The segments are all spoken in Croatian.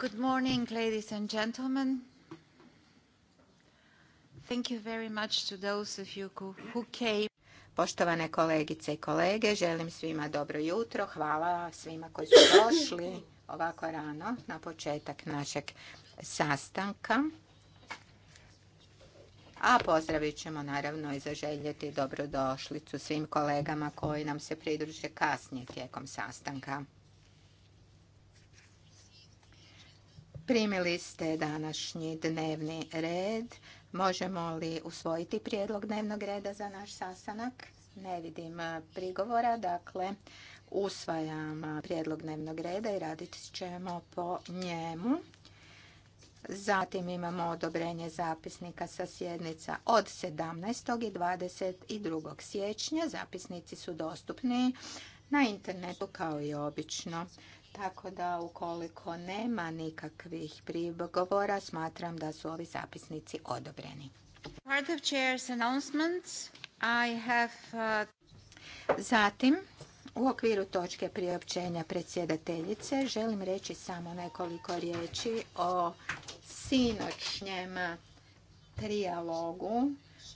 Good morning, ladies and gentlemen. Thank you very much to those of you who came. Poštovane kolegice i kolege, želim svima dobro jutro. Hvala svima koji su došli ovako rano na početak našeg sastanka. A pozdravit ćemo naravno i zaželjeti dobrodošlicu svim kolegama koji nam se pridruže kasnije tijekom sastanka. Primili ste današnji dnevni red. Možemo li usvojiti prijedlog dnevnog reda za naš sastanak? Ne vidim prigovora, dakle usvajam prijedlog dnevnog reda i radit ćemo po njemu. Zatim imamo odobrenje zapisnika sa sjednica od 17. i 22. siječnja. Zapisnici su dostupni na internetu kao i obično. Tako da ukoliko nema nikakvih prigovora, smatram da su ovi zapisnici odobreni. Part of chair's announcements, I have, uh, Zatim, u okviru točke priopćenja predsjedateljice želim reći samo nekoliko riječi o sinoćnjem trijalogu,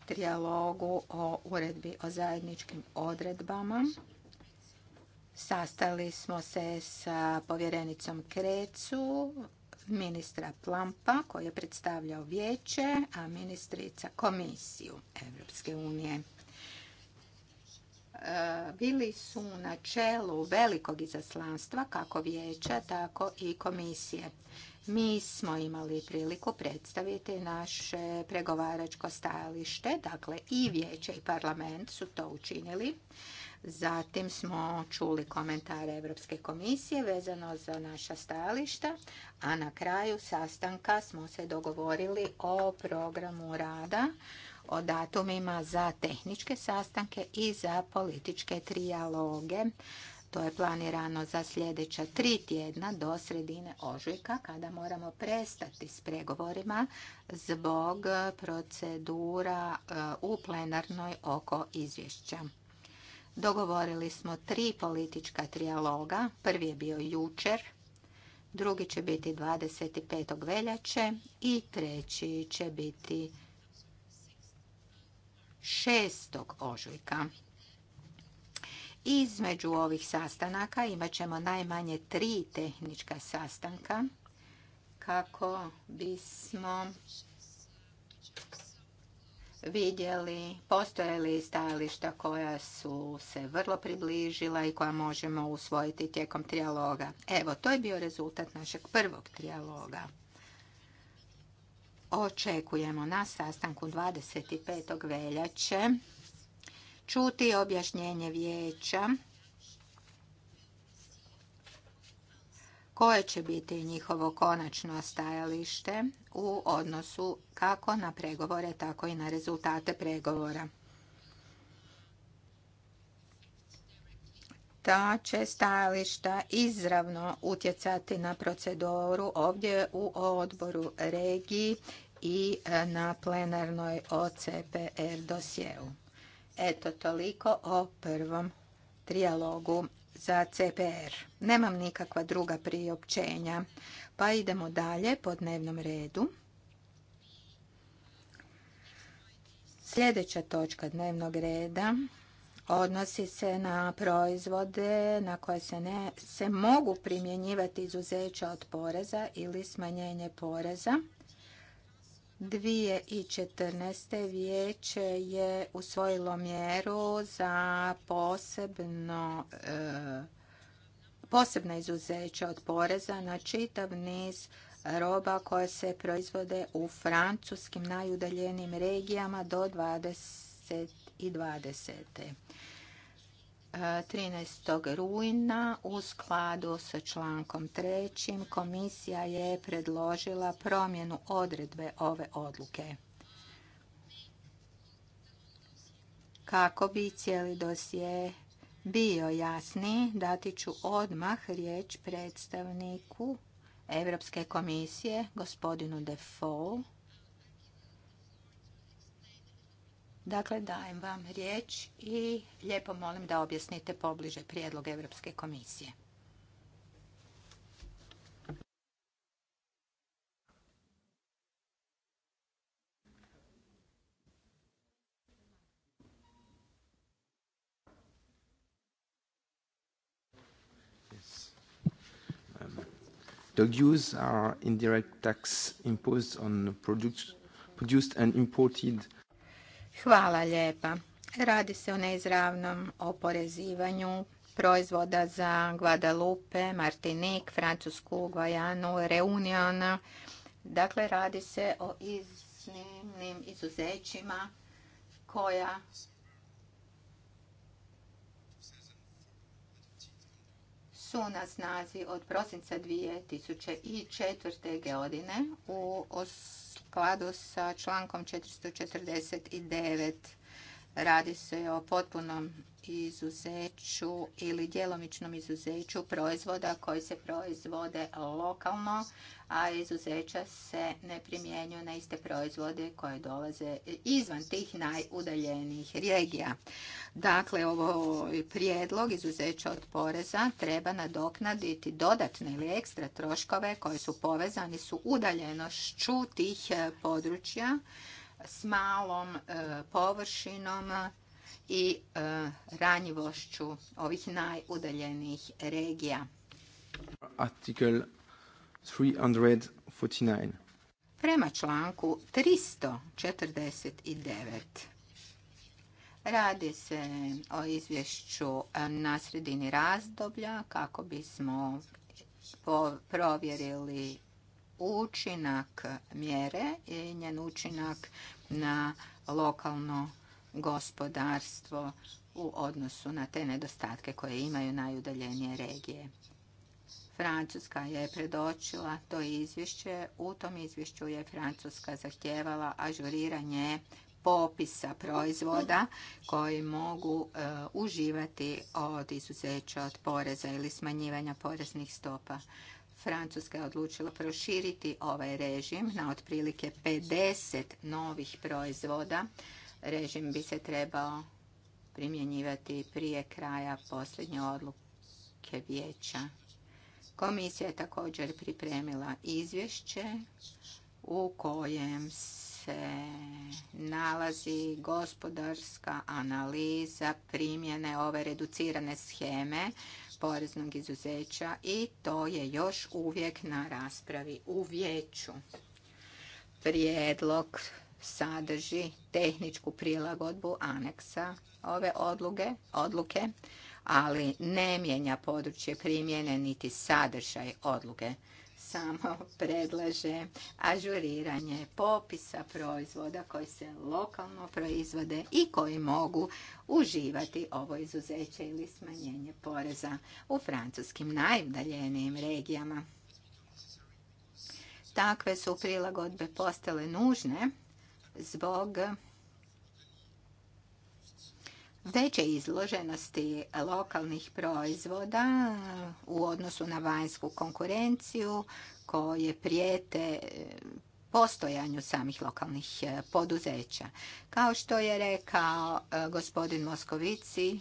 trijalogu o uredbi o zajedničkim odredbama Sastali smo se sa povjerenicom Krecu, ministra Plampa koji je predstavljao vijeće, a ministrica komisiju Europske unije. E, bili su na čelu velikog izaslanstva kako vijeća, tako i komisije. Mi smo imali priliku predstaviti naše pregovaračko stajalište, dakle i vijeće i parlament su to učinili. Zatim smo čuli komentare Europske komisije vezano za naša stajališta, a na kraju sastanka smo se dogovorili o programu rada, o datumima za tehničke sastanke i za političke trijaloge. To je planirano za sljedeća tri tjedna do sredine ožujka kada moramo prestati s pregovorima zbog procedura e, u plenarnoj oko izvješća. Dogovorili smo tri politička trijaloga. Prvi je bio jučer, drugi će biti 25. veljače i treći će biti 6. ožujka. Između ovih sastanaka imat ćemo najmanje tri tehnička sastanka kako bismo vidjeli postoje li stajališta koja su se vrlo približila i koja možemo usvojiti tijekom trijaloga. Evo, to je bio rezultat našeg prvog trijaloga. Očekujemo na sastanku 25. veljače čuti objašnjenje vijeća koje će biti njihovo konačno stajalište u odnosu kako na pregovore, tako i na rezultate pregovora. ta će stajališta izravno utjecati na proceduru ovdje u odboru regiji i e, na plenarnoj OCPR dosjeu. Eto, toliko o prvom trijalogu za CPR. Nemam nikakva druga priopćenja. Pa idemo dalje po dnevnom redu. Sljedeća točka dnevnog reda odnosi se na proizvode na koje se, ne, se mogu primjenjivati izuzeća od poreza ili smanjenje poreza. 2014. vijeće je usvojilo mjeru za posebno e, posebna izuzeća od poreza na čitav niz roba koje se proizvode u francuskim najudaljenim regijama do 20 i 20. 13. rujna u skladu sa člankom 3. komisija je predložila promjenu odredbe ove odluke. Kako bi cijeli dosje bio jasni, dati ću odmah riječ predstavniku Europske komisije, gospodinu Defoe. Dakle, dajem vam riječ i lijepo molim da objasnite pobliže prijedlog Europske komisije. Dog are indirect tax imposed on produced and imported. Hvala lijepa. Radi se o neizravnom oporezivanju proizvoda za Guadalupe, Martinique, Francusku, Guajanu, Reunion. Dakle, radi se o iznimnim izuzećima koja su na snazi od prosinca 2004. godine u skladu sa člankom 449 Radi se o potpunom izuzeću ili djelomičnom izuzeću proizvoda koji se proizvode lokalno, a izuzeća se ne primjenjuju na iste proizvode koje dolaze izvan tih najudaljenijih regija. Dakle, ovo ovaj prijedlog izuzeća od poreza treba nadoknaditi dodatne ili ekstra troškove koji su povezani su udaljenošću tih područja s malom e, površinom i e, ranjivošću ovih najudaljenijih regija. Artikel 349. Prema članku 349. Radi se o izvješću e, na sredini razdoblja kako bismo provjerili učinak mjere i njen učinak na lokalno gospodarstvo u odnosu na te nedostatke koje imaju najudaljenije regije. Francuska je predočila to izvješće. U tom izvješću je Francuska zahtjevala ažuriranje popisa proizvoda koji mogu e, uživati od izuzeća od poreza ili smanjivanja poreznih stopa. Francuska je odlučila proširiti ovaj režim na otprilike 50 novih proizvoda. Režim bi se trebao primjenjivati prije kraja posljednje odluke vijeća. Komisija je također pripremila izvješće u kojem se nalazi gospodarska analiza primjene ove reducirane scheme poreznog izuzeća i to je još uvijek na raspravi u vijeću. Prijedlog sadrži tehničku prilagodbu aneksa ove odluge, odluke, ali ne mijenja područje primjene niti sadržaj odluke samo predlaže ažuriranje popisa proizvoda koji se lokalno proizvode i koji mogu uživati ovo izuzeće ili smanjenje poreza u francuskim najudaljenijim regijama. Takve su prilagodbe postale nužne zbog veće izloženosti lokalnih proizvoda u odnosu na vanjsku konkurenciju koje prijete postojanju samih lokalnih e, poduzeća. Kao što je rekao e, gospodin Moskovici,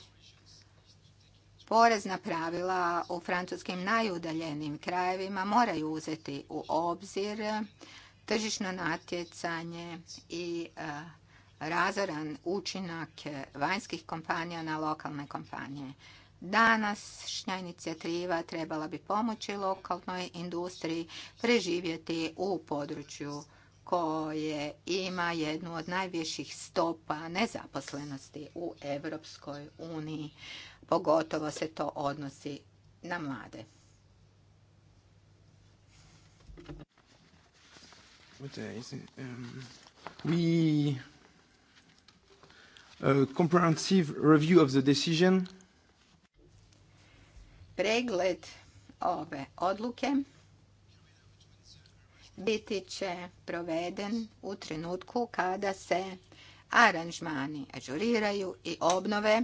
porezna pravila u francuskim najudaljenim krajevima moraju uzeti u obzir tržišno natjecanje i e, razoran učinak vanjskih kompanija na lokalne kompanije. Današnja inicijativa trebala bi pomoći lokalnoj industriji preživjeti u području koje ima jednu od najviših stopa nezaposlenosti u Europskoj uniji. Pogotovo se to odnosi na mlade. What is um, Uh, comprehensive review of the decision. Pregled ove odluke biti će proveden u trenutku kada se aranžmani ažuriraju i obnove,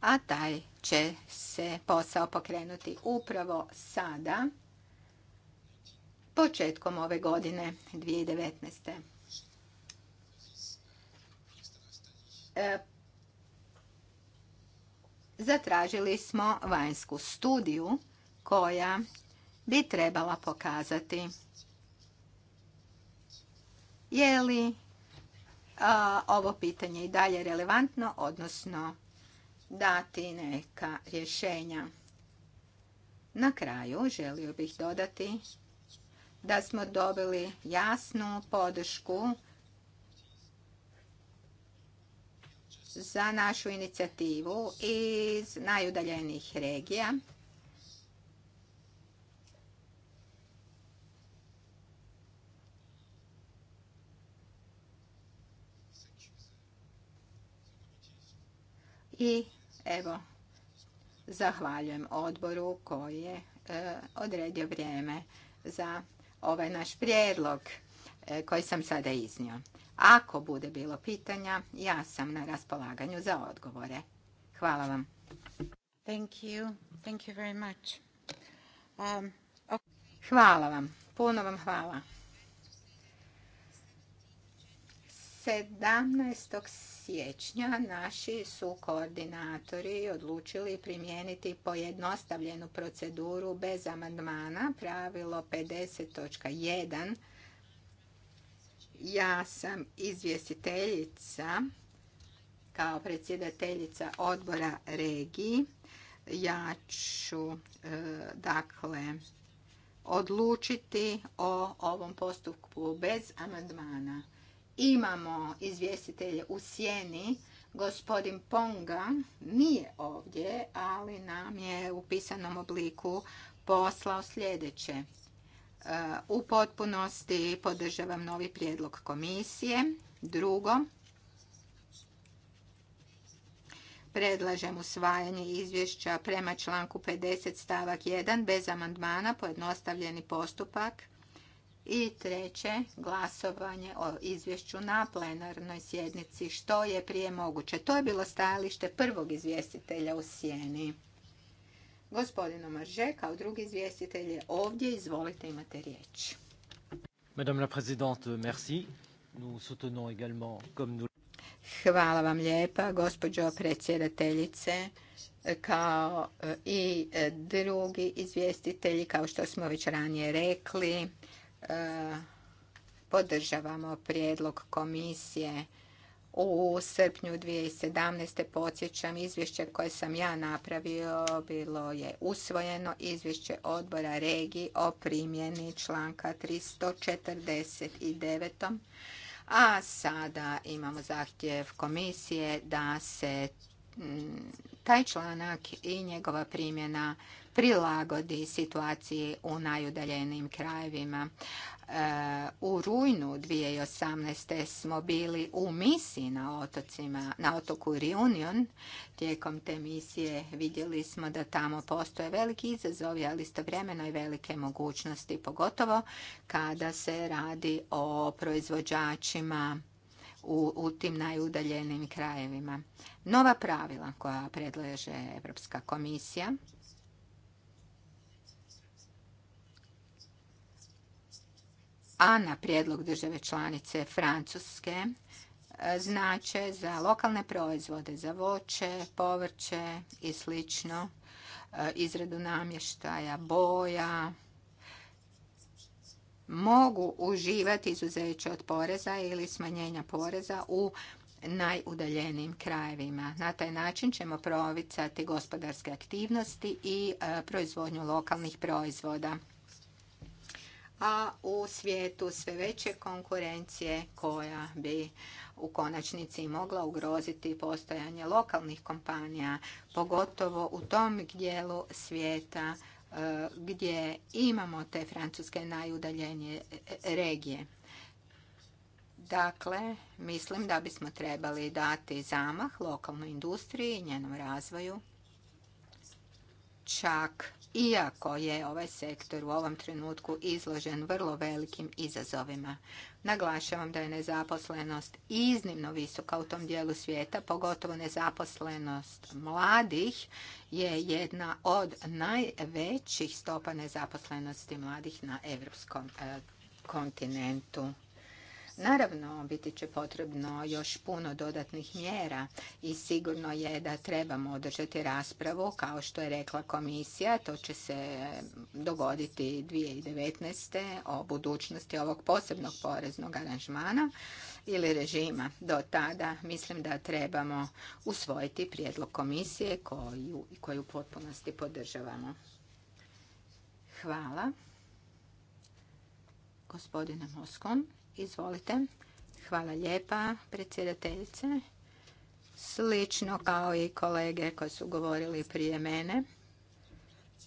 a taj će se posao pokrenuti upravo sada, početkom ove godine 2019. E, zatražili smo vanjsku studiju koja bi trebala pokazati je li e, ovo pitanje i dalje relevantno, odnosno dati neka rješenja. Na kraju želio bih dodati da smo dobili jasnu podršku za našu inicijativu iz najudaljenijih regija. I evo, zahvaljujem odboru koji je e, odredio vrijeme za ovaj naš prijedlog. E, koje sam sada iznio. Ako bude bilo pitanja, ja sam na raspolaganju za odgovore. Hvala vam. Um, hvala vam. Puno vam hvala. 17. siječnja naši su koordinatori odlučili primijeniti pojednostavljenu proceduru bez amandmana, pravilo 50.1 ja sam izvjestiteljica kao predsjedateljica odbora regiji. Ja ću e, dakle odlučiti o ovom postupku bez amandmana. Imamo izvjestitelje u sjeni. Gospodin Ponga nije ovdje, ali nam je u pisanom obliku poslao sljedeće. U potpunosti podržavam novi prijedlog komisije. Drugo, predlažem usvajanje izvješća prema članku 50 stavak 1 bez amandmana pojednostavljeni postupak. I treće, glasovanje o izvješću na plenarnoj sjednici što je prije moguće. To je bilo stajalište prvog izvjestitelja u sjeni. Gospodin marže kao drugi izvjestitelj je ovdje. Izvolite, imate riječ. Madame la présidente, merci. Nous soutenons également, comme nous... Hvala vam lijepa, gospođo predsjedateljice kao e, i e, drugi izvjestitelji, kao što smo već ranije rekli, e, podržavamo prijedlog komisije u srpnju 2017. podsjećam izvješće koje sam ja napravio bilo je usvojeno izvješće odbora regiji o primjeni članka 349. A sada imamo zahtjev komisije da se mm, taj članak i njegova primjena prilagodi situaciji u najudaljenijim krajevima. U rujnu 2018. smo bili u misiji na, otocima, na otoku Reunion. Tijekom te misije vidjeli smo da tamo postoje veliki izazovi, ali istovremeno i velike mogućnosti, pogotovo kada se radi o proizvođačima u, tim najudaljenim krajevima. Nova pravila koja predlaže Europska komisija a na prijedlog države članice Francuske e, znače za lokalne proizvode, za voće, povrće i sl. E, izradu namještaja, boja, mogu uživati izuzeće od poreza ili smanjenja poreza u najudaljenijim krajevima. Na taj način ćemo provicati gospodarske aktivnosti i e, proizvodnju lokalnih proizvoda a u svijetu sve veće konkurencije koja bi u konačnici mogla ugroziti postojanje lokalnih kompanija, pogotovo u tom dijelu svijeta e, gdje imamo te francuske najudaljenije regije. Dakle, mislim da bismo trebali dati zamah lokalnoj industriji i njenom razvoju. Čak iako je ovaj sektor u ovom trenutku izložen vrlo velikim izazovima. Naglašavam da je nezaposlenost iznimno visoka u tom dijelu svijeta, pogotovo nezaposlenost mladih je jedna od najvećih stopa nezaposlenosti mladih na europskom eh, kontinentu. Naravno, biti će potrebno još puno dodatnih mjera i sigurno je da trebamo održati raspravu, kao što je rekla komisija, to će se dogoditi 2019. o budućnosti ovog posebnog poreznog aranžmana ili režima. Do tada mislim da trebamo usvojiti prijedlog komisije koju, koju u potpunosti podržavamo. Hvala. Gospodine Moskon. Izvolite. Hvala lijepa, predsjedateljice. Slično kao i kolege koji su govorili prije mene,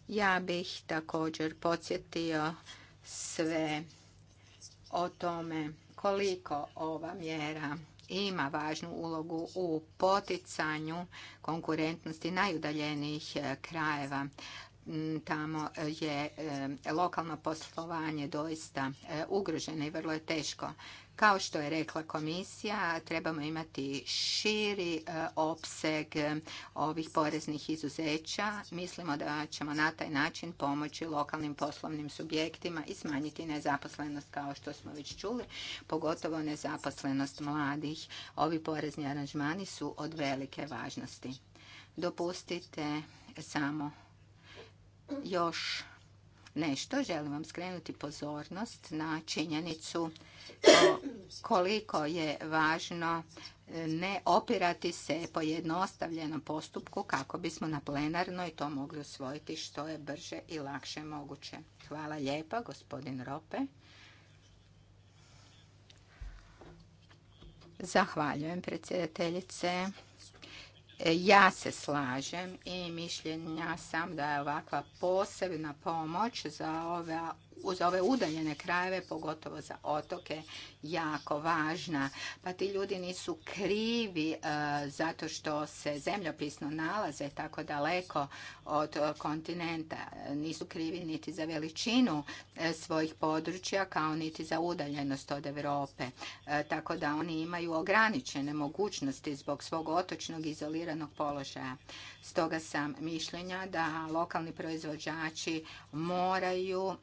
ja bih također podsjetio sve o tome koliko ova mjera ima važnu ulogu u poticanju konkurentnosti najudaljenijih krajeva. Mm, tamo e, je e, lokalno poslovanje doista e, ugroženo i vrlo je teško. Kao što je rekla komisija, trebamo imati širi opseg ovih poreznih izuzeća. Mislimo da ćemo na taj način pomoći lokalnim poslovnim subjektima i smanjiti nezaposlenost, kao što smo već čuli, pogotovo nezaposlenost mladih. Ovi porezni aranžmani su od velike važnosti. Dopustite samo još nešto. Želim vam skrenuti pozornost na činjenicu koliko je važno e, ne opirati se po jednostavljenom postupku kako bismo na plenarnoj to mogli usvojiti što je brže i lakše moguće. Hvala lijepa, gospodin Rope. Zahvaljujem predsjedateljice. E, ja se slažem i mišljenja sam da je ovakva posebna pomoć za ove uz ove udaljene krajeve, pogotovo za otoke, jako važna. Pa ti ljudi nisu krivi e, zato što se zemljopisno nalaze tako daleko od kontinenta. Nisu krivi niti za veličinu e, svojih područja, kao niti za udaljenost od Europe. E, tako da oni imaju ograničene mogućnosti zbog svog otočnog izoliranog položaja. Stoga sam mišljenja da lokalni proizvođači moraju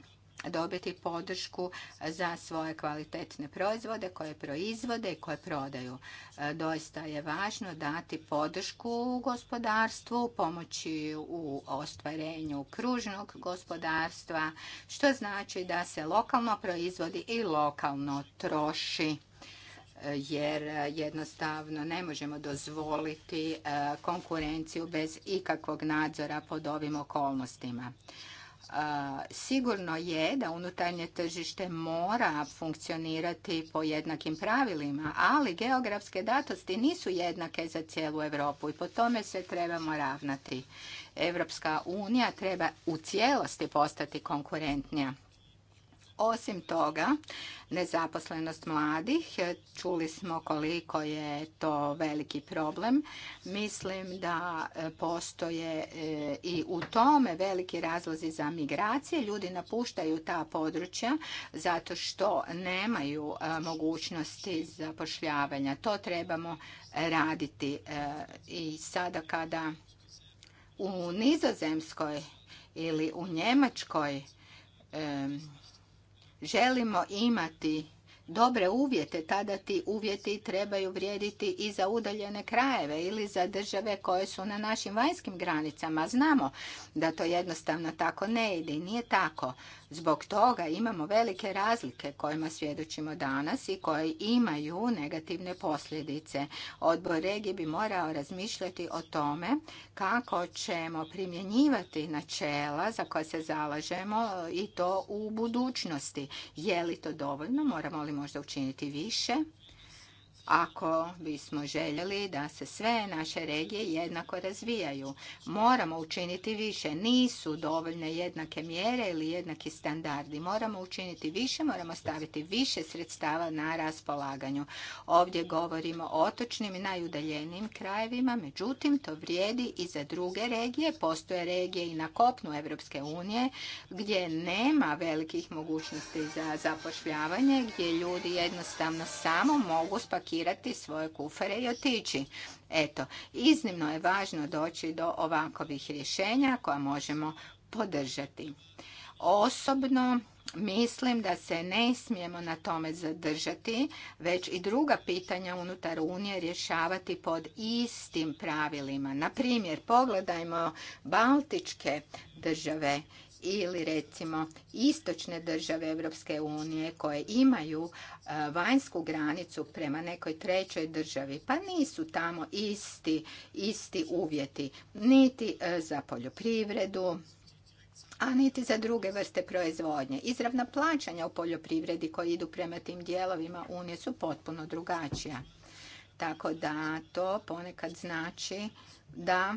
dobiti podršku za svoje kvalitetne proizvode koje proizvode i koje prodaju. E, doista je važno dati podršku gospodarstvu, pomoći u ostvarenju kružnog gospodarstva, što znači da se lokalno proizvodi i lokalno troši e, jer jednostavno ne možemo dozvoliti e, konkurenciju bez ikakvog nadzora pod ovim okolnostima. Sigurno je da unutarnje tržište mora funkcionirati po jednakim pravilima, ali geografske datosti nisu jednake za cijelu Europu i po tome se trebamo ravnati. Europska unija treba u cijelosti postati konkurentnija. Osim toga, nezaposlenost mladih, čuli smo koliko je to veliki problem. Mislim da e, postoje e, i u tome veliki razlozi za migracije. Ljudi napuštaju ta područja zato što nemaju e, mogućnosti zapošljavanja. To trebamo raditi i sada kada u Nizozemskoj ili u Njemačkoj želimo imati dobre uvjete, tada ti uvjeti trebaju vrijediti i za udaljene krajeve ili za države koje su na našim vanjskim granicama. Znamo da to jednostavno tako ne ide i nije tako. Zbog toga imamo velike razlike kojima svjedočimo danas i koje imaju negativne posljedice. Odbor regije bi morao razmišljati o tome kako ćemo primjenjivati načela za koje se zalažemo i to u budućnosti. Je li to dovoljno? Moramo li možda učiniti više ako bismo željeli da se sve naše regije jednako razvijaju. Moramo učiniti više. Nisu dovoljne jednake mjere ili jednaki standardi. Moramo učiniti više, moramo staviti više sredstava na raspolaganju. Ovdje govorimo o otočnim i najudaljenijim krajevima, međutim to vrijedi i za druge regije. Postoje regije i na kopnu Evropske unije gdje nema velikih mogućnosti za zapošljavanje, gdje ljudi jednostavno samo mogu spakirati svoje kufere i otići. Eto, iznimno je važno doći do ovakovih rješenja koja možemo podržati. Osobno mislim da se ne smijemo na tome zadržati, već i druga pitanja unutar Unije rješavati pod istim pravilima. Na primjer, pogledajmo Baltičke države ili recimo istočne države Europske unije koje imaju e, vanjsku granicu prema nekoj trećoj državi, pa nisu tamo isti, isti uvjeti, niti e, za poljoprivredu, a niti za druge vrste proizvodnje. Izravna plaćanja u poljoprivredi koji idu prema tim dijelovima Unije su potpuno drugačija. Tako da to ponekad znači da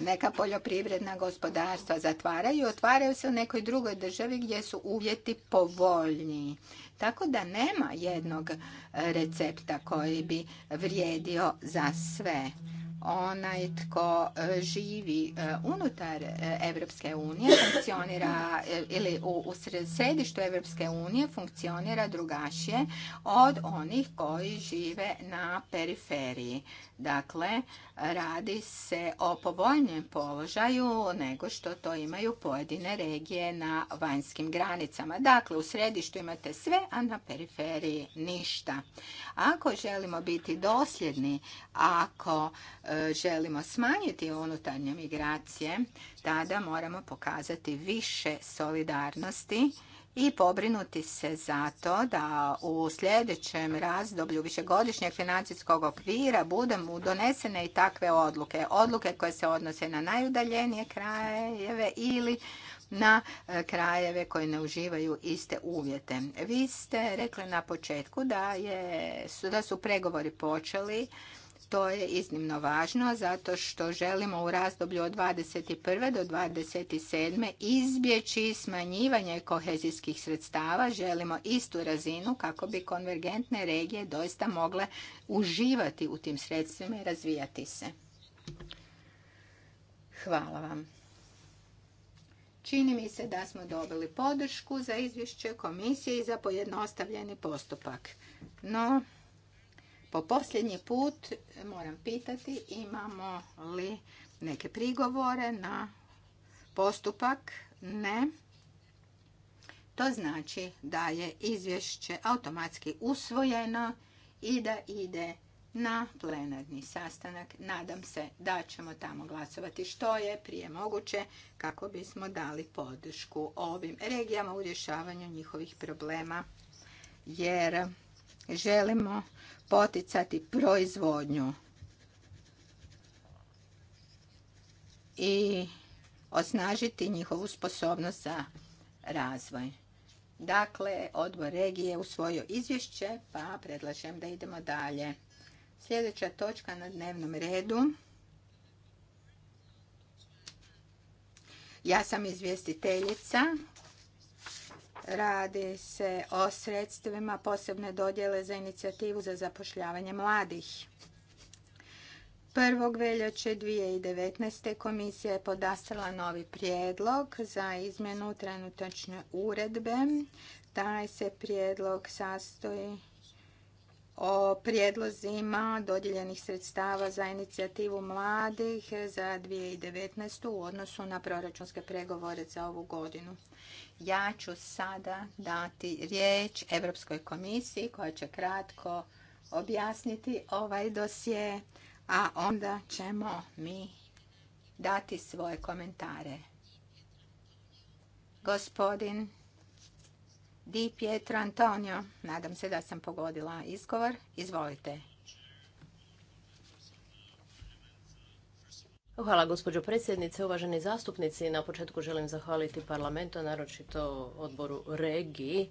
neka poljoprivredna gospodarstva zatvaraju, otvaraju se u nekoj drugoj državi gdje su uvjeti povoljniji. Tako da nema jednog e, recepta koji bi vrijedio za sve. Onaj tko e, živi e, unutar Evropske unije funkcionira ili u središtu Evropske unije funkcionira drugačije od onih koji žive na periferiji. Dakle, Radi se o povoljnijem položaju nego što to imaju pojedine regije na vanjskim granicama. Dakle, u središtu imate sve, a na periferiji ništa. Ako želimo biti dosljedni, ako e, želimo smanjiti unutarnje migracije, tada moramo pokazati više solidarnosti i pobrinuti se za to da u sljedećem razdoblju višegodišnjeg financijskog okvira budemo donesene i takve odluke. Odluke koje se odnose na najudaljenije krajeve ili na e, krajeve koji ne uživaju iste uvjete. Vi ste rekli na početku da, je, da su pregovori počeli to je iznimno važno zato što želimo u razdoblju od 21. do 27. izbjeći smanjivanje kohezijskih sredstava. Želimo istu razinu kako bi konvergentne regije doista mogle uživati u tim sredstvima i razvijati se. Hvala vam. Čini mi se da smo dobili podršku za izvješće komisije i za pojednostavljeni postupak. No, po posljednji put moram pitati imamo li neke prigovore na postupak? Ne. To znači da je izvješće automatski usvojeno i da ide na plenarni sastanak. Nadam se da ćemo tamo glasovati što je prije moguće kako bismo dali podršku ovim regijama u rješavanju njihovih problema jer Želimo poticati proizvodnju i osnažiti njihovu sposobnost za razvoj. Dakle, odbor regije u usvojio izvješće, pa predlažem da idemo dalje. Sljedeća točka na dnevnom redu. Ja sam izvjestiteljica Radi se o sredstvima posebne dodjele za inicijativu za zapošljavanje mladih. 1. veljače 2019. komisija je podastala novi prijedlog za izmjenu trenutačne uredbe. Taj se prijedlog sastoji o prijedlozima dodijeljenih sredstava za inicijativu mladih za 2019. u odnosu na proračunske pregovore za ovu godinu. Ja ću sada dati riječ Europskoj komisiji koja će kratko objasniti ovaj dosje, a onda ćemo mi dati svoje komentare. Gospodin Di Pietro Antonio, nadam se da sam pogodila izgovor. Izvolite. Hvala gospođo predsjednice, uvaženi zastupnici. Na početku želim zahvaliti parlamentu, naročito odboru regiji,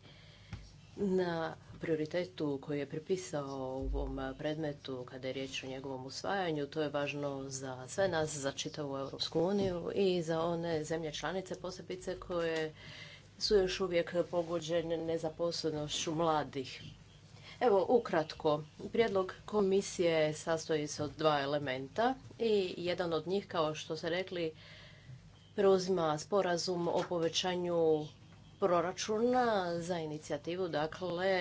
na prioritetu koji je pripisao ovom predmetu kada je riječ o njegovom usvajanju. To je važno za sve nas, za čitavu Europsku uniju i za one zemlje članice posebice koje su još uvijek pogođene nezaposlenošću mladih. Evo, ukratko, prijedlog komisije sastoji se od dva elementa i jedan od njih, kao što ste rekli, preuzima sporazum o povećanju proračuna za inicijativu, dakle,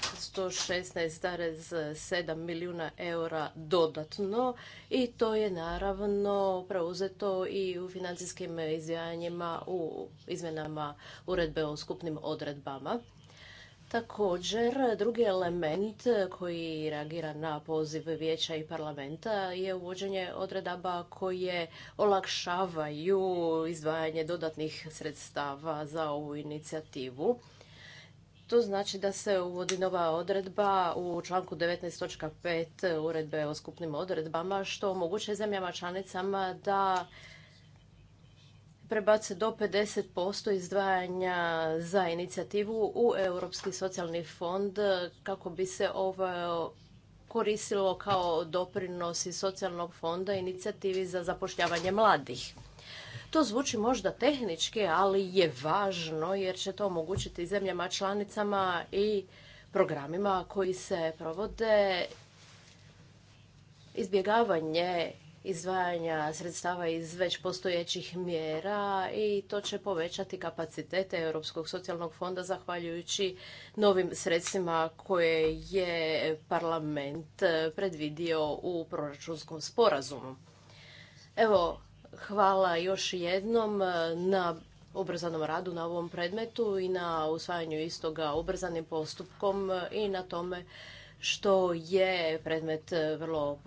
116,7 milijuna eura dodatno i to je naravno preuzeto i u financijskim izdvajanjima u izmjenama uredbe o skupnim odredbama. Također, drugi element koji reagira na poziv vijeća i parlamenta je uvođenje odredaba koje olakšavaju izdvajanje dodatnih sredstava za ovu inicijativu to znači da se uvodi nova odredba u članku 19.5 uredbe o skupnim odredbama što omogućuje zemljama članicama da prebace do 50% izdvajanja za inicijativu u Europski socijalni fond kako bi se ovo koristilo kao doprinosi socijalnog fonda inicijativi za zapošljavanje mladih. To zvuči možda tehnički, ali je važno jer će to omogućiti zemljama članicama i programima koji se provode izbjegavanje izdvajanja sredstava iz već postojećih mjera i to će povećati kapacitete Europskog socijalnog fonda zahvaljujući novim sredstvima koje je parlament predvidio u proračunskom sporazumu. Evo, Hvala još jednom eh, na ubrzanom radu na ovom predmetu i na usvajanju istoga ubrzanim postupkom eh, i na tome što je predmet eh, vrlo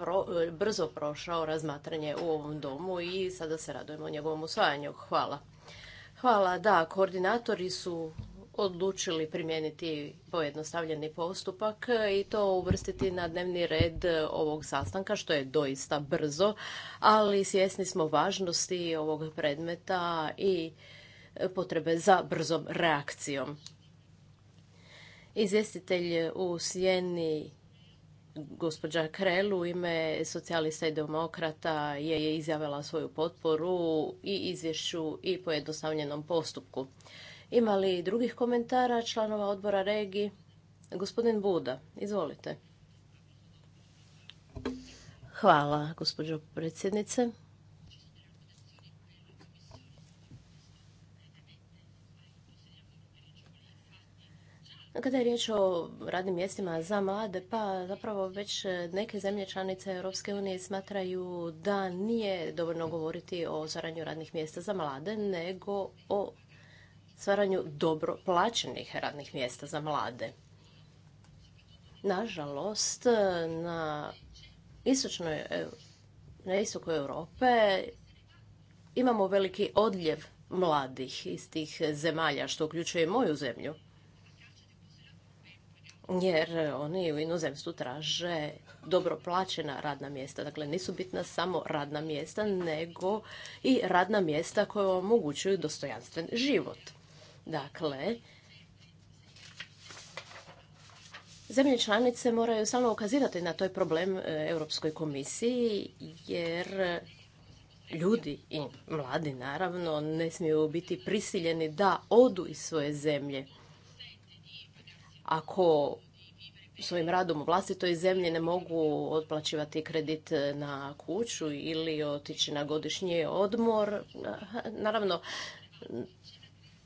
brzo prošao razmatranje u ovom domu i sada se radujemo njegovom usvajanju. Hvala. Hvala, da, koordinatori su odlučili primijeniti pojednostavljeni postupak i to uvrstiti na dnevni red ovog sastanka, što je doista brzo, ali svjesni smo važnosti ovog predmeta i potrebe za brzom reakcijom. Izvjestitelj u Sjeni gospođa Krel u ime socijalista i demokrata je izjavila svoju potporu i izvješću i pojednostavljenom postupku. Ima li drugih komentara članova odbora regi? Gospodin Buda, izvolite. Hvala, gospođo predsjednice. Kada je riječ o radnim mjestima za mlade, pa zapravo već neke zemlje članice Europske unije smatraju da nije dovoljno govoriti o zaranju radnih mjesta za mlade, nego o stvaranju dobro plaćenih radnih mjesta za mlade. Nažalost, na istočnoj na istoku Europe imamo veliki odljev mladih iz tih zemalja, što uključuje i moju zemlju. Jer oni u inozemstvu traže dobro plaćena radna mjesta. Dakle, nisu bitna samo radna mjesta, nego i radna mjesta koja omogućuju dostojanstven život. Dakle, zemlje članice moraju samo ukazivati na taj problem e, Europskoj komisiji jer ljudi i mladi naravno ne smiju biti prisiljeni da odu iz svoje zemlje. Ako svojim radom u vlastitoj zemlji ne mogu otplaćivati kredit e, na kuću ili otići na godišnji odmor, naravno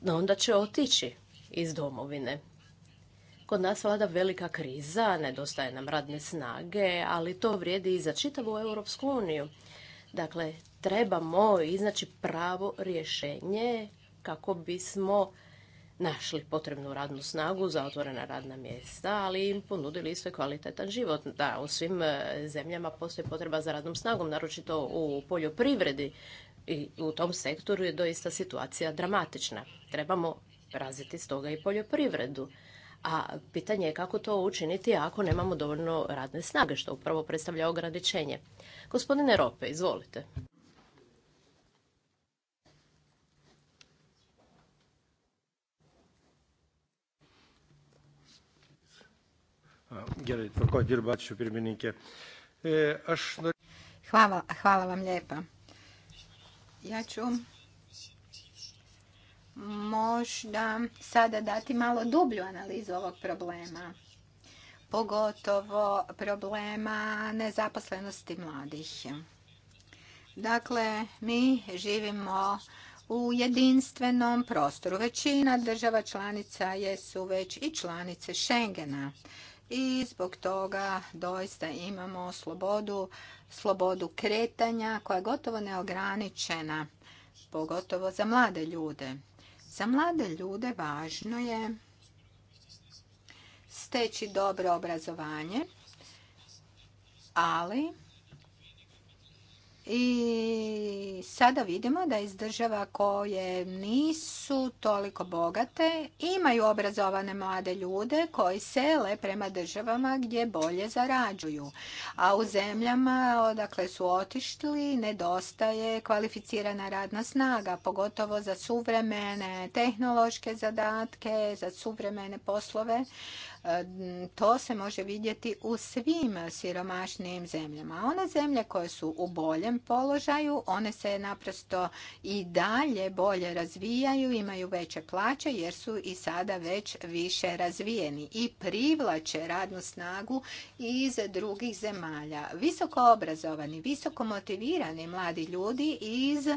no onda će otići iz domovine. Kod nas vlada velika kriza, nedostaje nam radne snage, ali to vrijedi i za čitavu Europsku uniju. Dakle, trebamo iznaći pravo rješenje kako bismo našli potrebnu radnu snagu za otvorena radna mjesta, ali im ponudili isto kvalitetan život. Da, u svim eh, zemljama postoji potreba za radnom snagom, naročito u poljoprivredi i u tom sektoru je doista situacija dramatična. Trebamo razviti stoga i poljoprivredu. A pitanje je kako to učiniti ako nemamo dovoljno radne snage, što upravo predstavlja ograničenje. Gospodine Rope, izvolite. E, hvala, hvala vam lijepa. Ja ću možda sada dati malo dublju analizu ovog problema. Pogotovo problema nezaposlenosti mladih. Dakle, mi živimo u jedinstvenom prostoru. Većina država članica jesu već i članice Schengena i zbog toga doista imamo slobodu, slobodu kretanja koja je gotovo neograničena, pogotovo za mlade ljude. Za mlade ljude važno je steći dobro obrazovanje, ali i sada vidimo da iz država koje nisu toliko bogate imaju obrazovane mlade ljude koji sele prema državama gdje bolje zarađuju. A u zemljama odakle su otišli nedostaje kvalificirana radna snaga, pogotovo za suvremene tehnološke zadatke, za suvremene poslove to se može vidjeti u svim siromašnijim zemljama. One zemlje koje su u boljem položaju, one se naprosto i dalje bolje razvijaju, imaju veće plaće jer su i sada već više razvijeni i privlače radnu snagu iz drugih zemalja. Visoko obrazovani, visoko motivirani mladi ljudi iz e,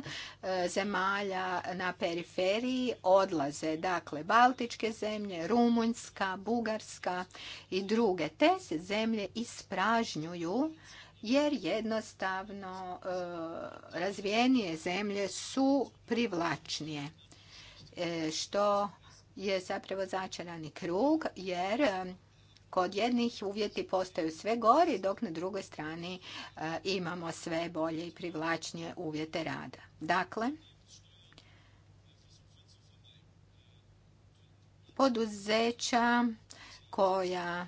zemalja na periferiji odlaze. Dakle, Baltičke zemlje, Rumunjska, Bugarska, i druge. Te se zemlje ispražnjuju jer jednostavno e, razvijenije zemlje su privlačnije. E, što je zapravo začarani krug jer e, kod jednih uvjeti postaju sve gori dok na drugoj strani imamo sve bolje i privlačnije uvjete rada. Dakle, poduzeća koja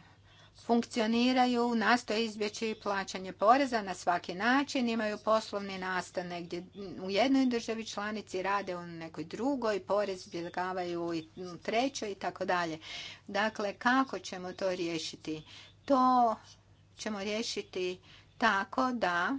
funkcioniraju, nastoje izbjeći plaćanje poreza na svaki način, imaju poslovni nastane gdje u jednoj državi članici, rade u nekoj drugoj, porez izbjegavaju i u trećoj i tako dalje. Dakle, kako ćemo to riješiti? To ćemo riješiti tako da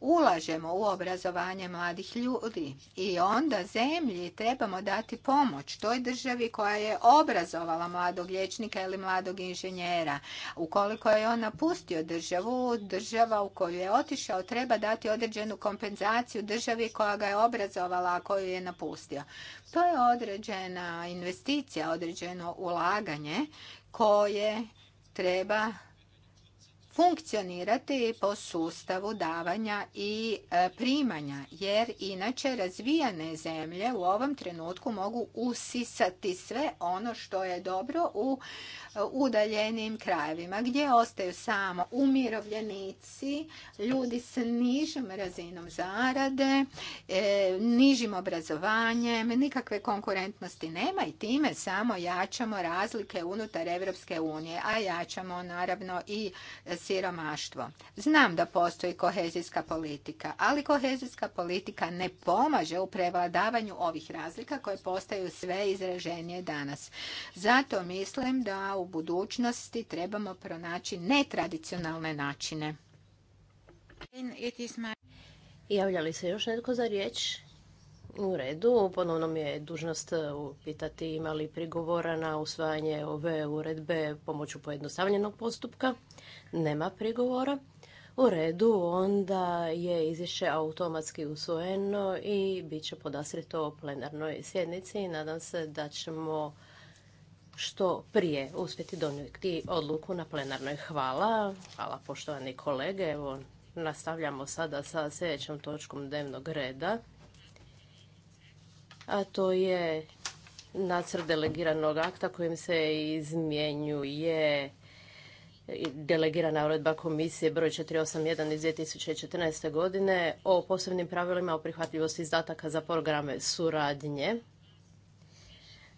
ulažemo u obrazovanje mladih ljudi i onda zemlji trebamo dati pomoć toj državi koja je obrazovala mladog liječnika ili mladog inženjera. Ukoliko je on napustio državu, država u koju je otišao treba dati određenu kompenzaciju državi koja ga je obrazovala, a koju je napustio. To je određena investicija, određeno ulaganje koje treba funkcionirati po sustavu davanja i e, primanja, jer inače razvijene zemlje u ovom trenutku mogu usisati sve ono što je dobro u e, udaljenim krajevima, gdje ostaju samo umirovljenici, ljudi s nižom razinom zarade, e, nižim obrazovanjem, nikakve konkurentnosti nema i time samo jačamo razlike unutar Evropske unije, a jačamo naravno i siromaštvo. Znam da postoji kohezijska politika, ali kohezijska politika ne pomaže u prevladavanju ovih razlika koje postaju sve izraženije danas. Zato mislim da u budućnosti trebamo pronaći netradicionalne načine. Javlja li se još netko za riječ? U redu, ponovno mi je dužnost e, upitati ima li prigovora na usvajanje ove uredbe pomoću pojednostavljenog postupka. Nema prigovora. U redu, onda je izvješće automatski usvojeno i bit će podasreto plenarnoj sjednici i nadam se da ćemo što prije uspjeti donijeti odluku na plenarnoj. Hvala. Hvala poštovani kolege. Evo, nastavljamo sada sa sljedećom točkom dnevnog reda a to je nacrt delegiranog akta kojim se izmjenjuje delegirana uredba komisije broj 481 iz 2014. godine o posebnim pravilima o prihvatljivosti izdataka za programe suradnje.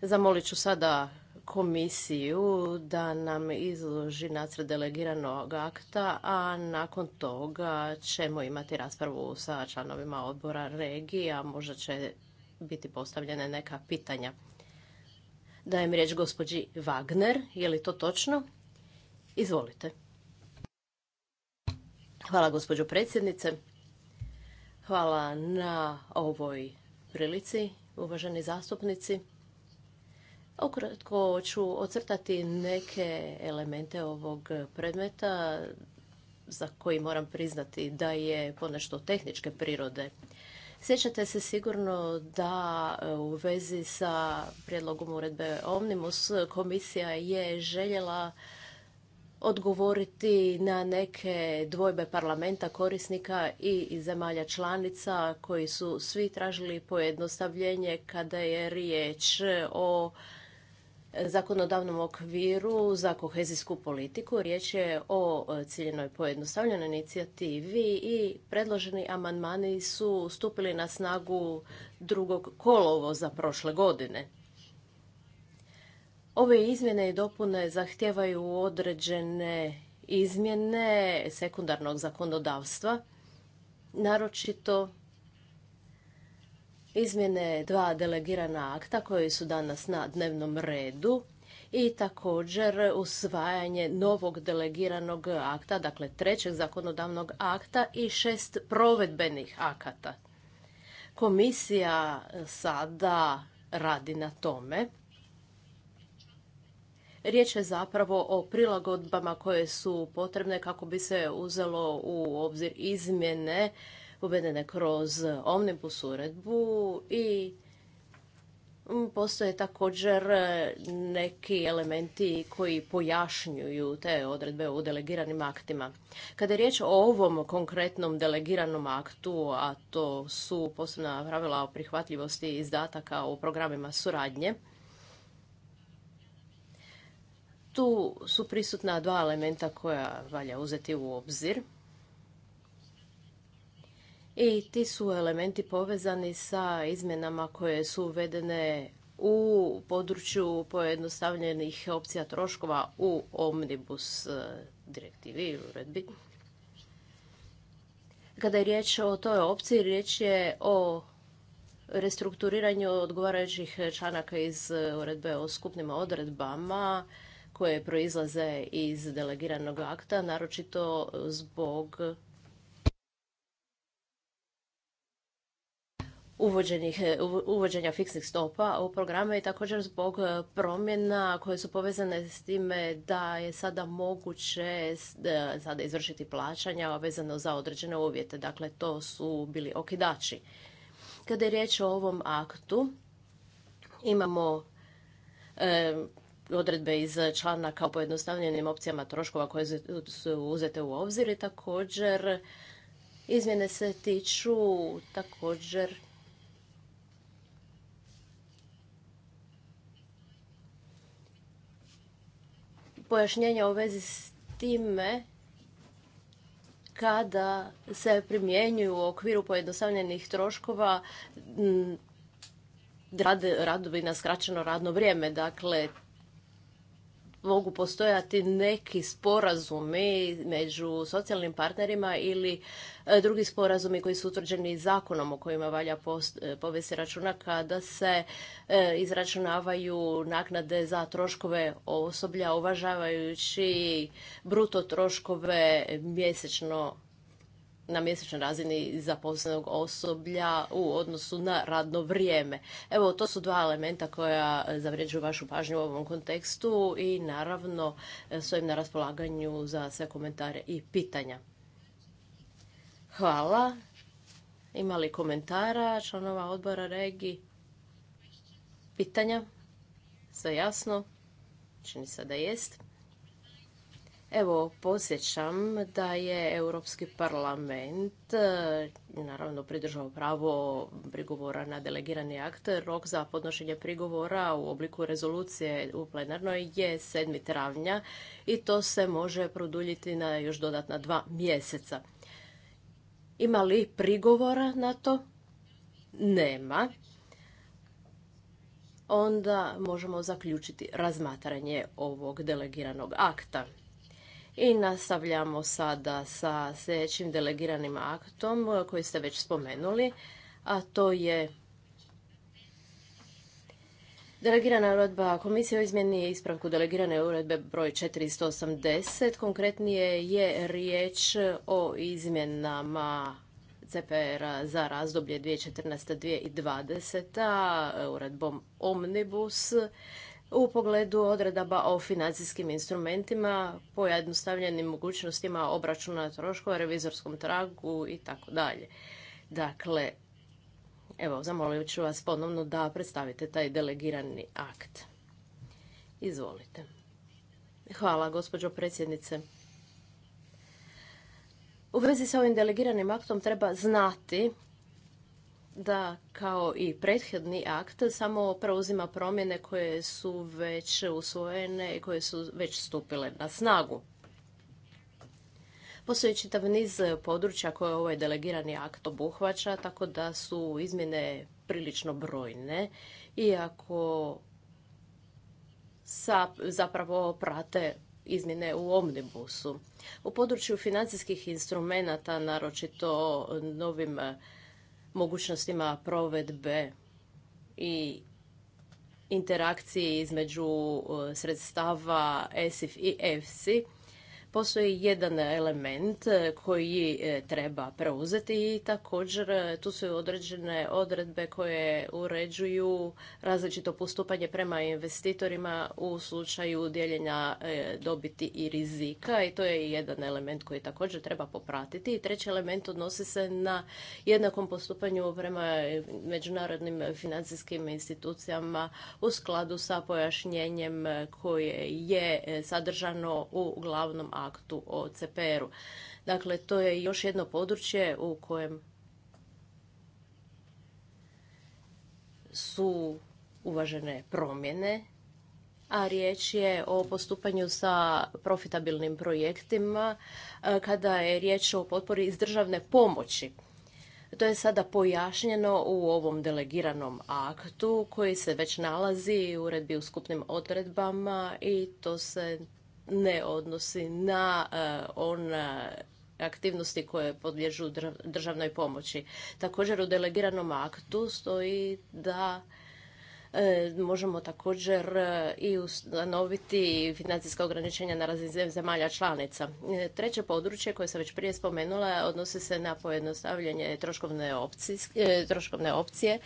Zamolit ću sada komisiju da nam izloži nacrt delegiranog akta, a nakon toga ćemo imati raspravu sa članovima odbora regija, možda će biti postavljene neka pitanja. Dajem riječ gospođi Wagner, je li to točno? Izvolite. Hvala gospođo predsjednice. Hvala na ovoj prilici, uvaženi zastupnici. Ukratko ću ocrtati neke elemente ovog predmeta za koji moram priznati da je ponešto tehničke prirode. Sjećate se sigurno da e, u vezi sa prijedlogom uredbe Omnimus komisija je željela odgovoriti na neke dvojbe parlamenta korisnika i zemalja članica koji su svi tražili pojednostavljenje kada je riječ o zakonodavnom okviru za kohezijsku politiku. Riječ je o e, ciljenoj pojednostavljenoj inicijativi i predloženi amandmani su stupili na snagu drugog kolovo za prošle godine. Ove izmjene i dopune zahtijevaju određene izmjene sekundarnog zakonodavstva, naročito izmjene dva delegirana akta koji su danas na dnevnom redu i također usvajanje novog delegiranog akta, dakle trećeg zakonodavnog akta i šest provedbenih akata. Komisija sada radi na tome. Riječ je zapravo o prilagodbama koje su potrebne kako bi se uzelo u obzir izmjene uvedene kroz omnibus uredbu i mm, postoje također e, neki elementi koji pojašnjuju te odredbe u delegiranim aktima. Kada je riječ o ovom konkretnom delegiranom aktu, a to su posebna pravila o prihvatljivosti izdataka u programima suradnje, tu su prisutna dva elementa koja valja uzeti u obzir i ti su elementi povezani sa izmjenama koje su uvedene u području pojednostavljenih opcija troškova u Omnibus e, direktivi i uredbi. Kada je riječ o toj opciji, riječ je o restrukturiranju odgovarajućih članaka iz e, uredbe o skupnim odredbama koje proizlaze iz delegiranog akta, naročito zbog E, uvođenja fiksnih stopa u programe i također zbog e, promjena koje su povezane s time da je sada moguće e, sada izvršiti plaćanja vezano za određene uvjete. Dakle, to su bili okidači. Kada je riječ o ovom aktu, imamo odredbe iz članaka o pojednostavljenim opcijama troškova koje su uzete u obzir i također izmjene se tiču također pojašnjenja u vezi s time kada se primjenjuju u okviru pojednostavljenih troškova radovi na skraćeno radno vrijeme. Dakle, mogu postojati neki sporazumi među socijalnim partnerima ili e, drugi sporazumi koji su utvrđeni zakonom o kojima valja e, povesti računa kada se e, izračunavaju naknade za troškove osoblja uvažavajući bruto troškove mjesečno na mjesečnoj razini zaposlenog osoblja u odnosu na radno vrijeme. Evo, to su dva elementa koja zavređuju vašu pažnju u ovom kontekstu i naravno e, svojim na raspolaganju za sve komentare i pitanja. Hvala. Ima li komentara članova odbora regi? Pitanja? Sve jasno? Čini se da jest. Evo, posjećam da je Europski parlament e, naravno pridržao pravo prigovora na delegirani akt. Rok za podnošenje prigovora u obliku rezolucije u plenarnoj je 7. travnja i to se može produljiti na još dodatna dva mjeseca. Ima li prigovora na to? Nema. Onda možemo zaključiti razmatranje ovog delegiranog akta. I nastavljamo sada sa sljedećim delegiranim aktom e, koji ste već spomenuli, a to je Delegirana uredba komisije o izmjeni je ispravku delegirane uredbe broj 480. Konkretnije je riječ o izmjenama CPR za razdoblje 2014-2020 e, uredbom Omnibus u pogledu odredaba o financijskim instrumentima, pojednostavljenim mogućnostima obračuna troškova, revizorskom tragu i tako dalje. Dakle, evo, zamolio ću vas ponovno da predstavite taj delegirani akt. Izvolite. Hvala, gospođo predsjednice. U vezi sa ovim delegiranim aktom treba znati da kao i prethodni akt samo preuzima promjene koje su već usvojene i koje su već stupile na snagu. Postoji čitav niz područja koje ovaj delegirani akt obuhvaća, tako da su izmjene prilično brojne, iako sa, zapravo prate izmjene u omnibusu. U području financijskih instrumenata, naročito novim mogućnostima provedbe i interakciji između e, sredstava ESIF i EFSI Postoji jedan element e, koji e, treba preuzeti i također e, tu su određene odredbe koje uređuju različito postupanje prema investitorima u slučaju dijeljenja dobiti i rizika i to je jedan element koji također treba popratiti. I treći element odnosi se na jednakom postupanju prema međunarodnim financijskim institucijama u skladu sa pojašnjenjem koje je sadržano u glavnom aktu o CPR-u. Dakle, to je još jedno područje u kojem su uvažene promjene, a riječ je o postupanju sa profitabilnim projektima e, kada je riječ o potpori iz državne pomoći. To je sada pojašnjeno u ovom delegiranom aktu koji se već nalazi u uredbi u skupnim odredbama i to se ne odnosi na e, ona aktivnosti koje podliježu državnoj pomoći. Također u delegiranom aktu stoji da E, možemo također e, i ustanoviti financijska ograničenja na razini zemalja članica. E, treće područje koje sam već prije spomenula odnosi se na pojednostavljanje troškovne opcije. Troškovne opcije.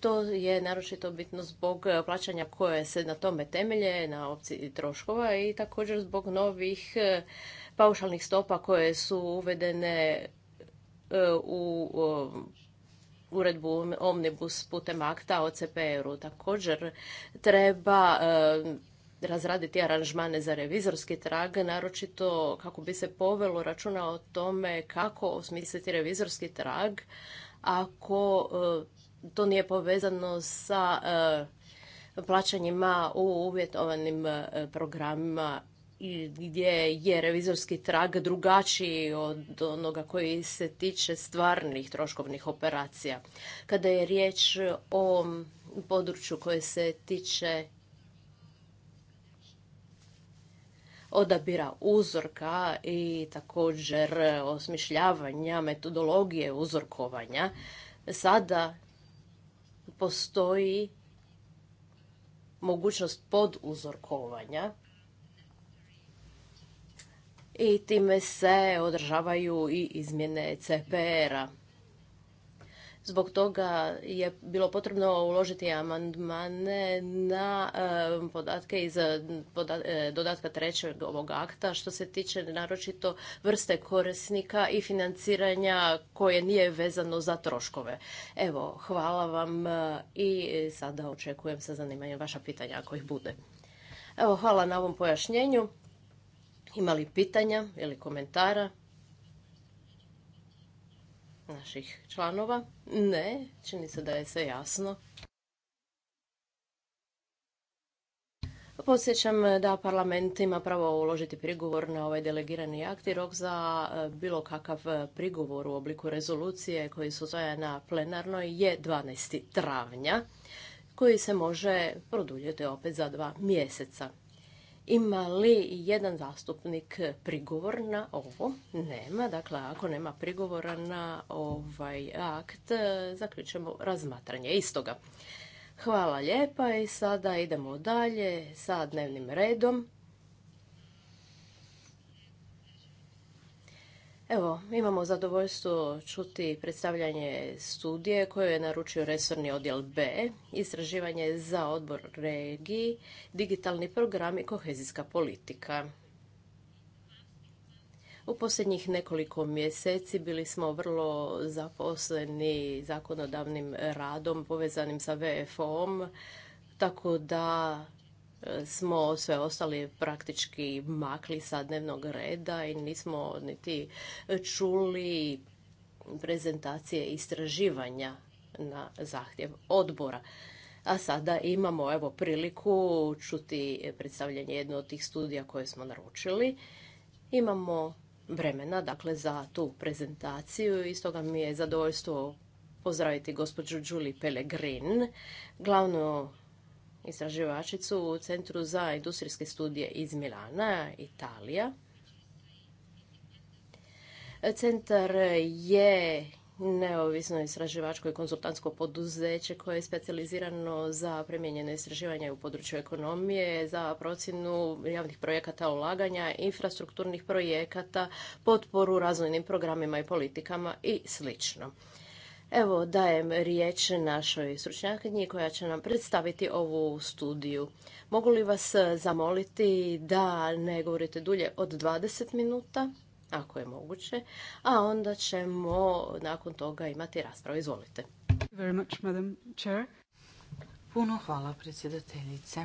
To je naročito bitno zbog plaćanja koje se na tome temelje, na opciji troškova i također zbog novih paušalnih stopa koje su uvedene u uredbu Omnibus putem akta o CPR-u. Također treba e, razraditi aranžmane za revizorski trag, naročito kako bi se povelo računa o tome kako osmisliti revizorski trag ako e, to nije povezano sa e, plaćanjima u uvjetovanim programima gdje je revizorski trag drugačiji od onoga koji se tiče stvarnih troškovnih operacija. Kada je riječ o području koje se tiče odabira uzorka i također osmišljavanja metodologije uzorkovanja, sada postoji mogućnost poduzorkovanja i time se održavaju i izmjene CPR-a. Zbog toga je bilo potrebno uložiti amandmane na eh, podatke iz eh, dodatka trećeg ovog akta što se tiče naročito vrste korisnika i financiranja koje nije vezano za troškove. Evo, hvala vam eh, i sada očekujem sa zanimanjem vaša pitanja ako ih bude. Evo, hvala na ovom pojašnjenju. Imali pitanja ili komentara naših članova? Ne, čini se da je sve jasno. Posjećam da parlament ima pravo uložiti prigovor na ovaj delegirani akt i rok za e, bilo kakav prigovor u obliku rezolucije koji se zove na plenarnoj je 12. travnja koji se može produljiti opet za dva mjeseca. Ima li jedan zastupnik prigovor na ovo? Nema. Dakle, ako nema prigovora na ovaj akt, zaključujemo razmatranje istoga. Hvala lijepa i sada idemo dalje sa dnevnim redom. Evo, imamo zadovoljstvo čuti predstavljanje studije koju je naručio resorni odjel B, istraživanje za odbor regiji, digitalni program i kohezijska politika. U posljednjih nekoliko mjeseci bili smo vrlo zaposleni zakonodavnim radom povezanim sa VFO-om, tako da smo sve ostali praktički makli sa dnevnog reda i nismo niti čuli prezentacije istraživanja na zahtjev odbora. A sada imamo evo priliku čuti predstavljanje jedno od tih studija koje smo naručili. Imamo vremena dakle za tu prezentaciju i stoga mi je zadovoljstvo pozdraviti gospođu Julie Pellegrin, glavnu istraživačicu u Centru za industrijske studije iz Milana, Italija. Centar je neovisno istraživačko i konzultantsko poduzeće koje je specijalizirano za primijenjene istraživanje u području ekonomije, za procjenu javnih projekata ulaganja, infrastrukturnih projekata, potporu razvojnim programima i politikama i slično. Evo dajem riječ našoj stručnjakinji koja će nam predstaviti ovu studiju. Mogu li vas e, zamoliti da ne govorite dulje od 20 minuta, ako je moguće, a onda ćemo nakon toga imati raspravu. Izvolite. Puno hvala predsjedateljice.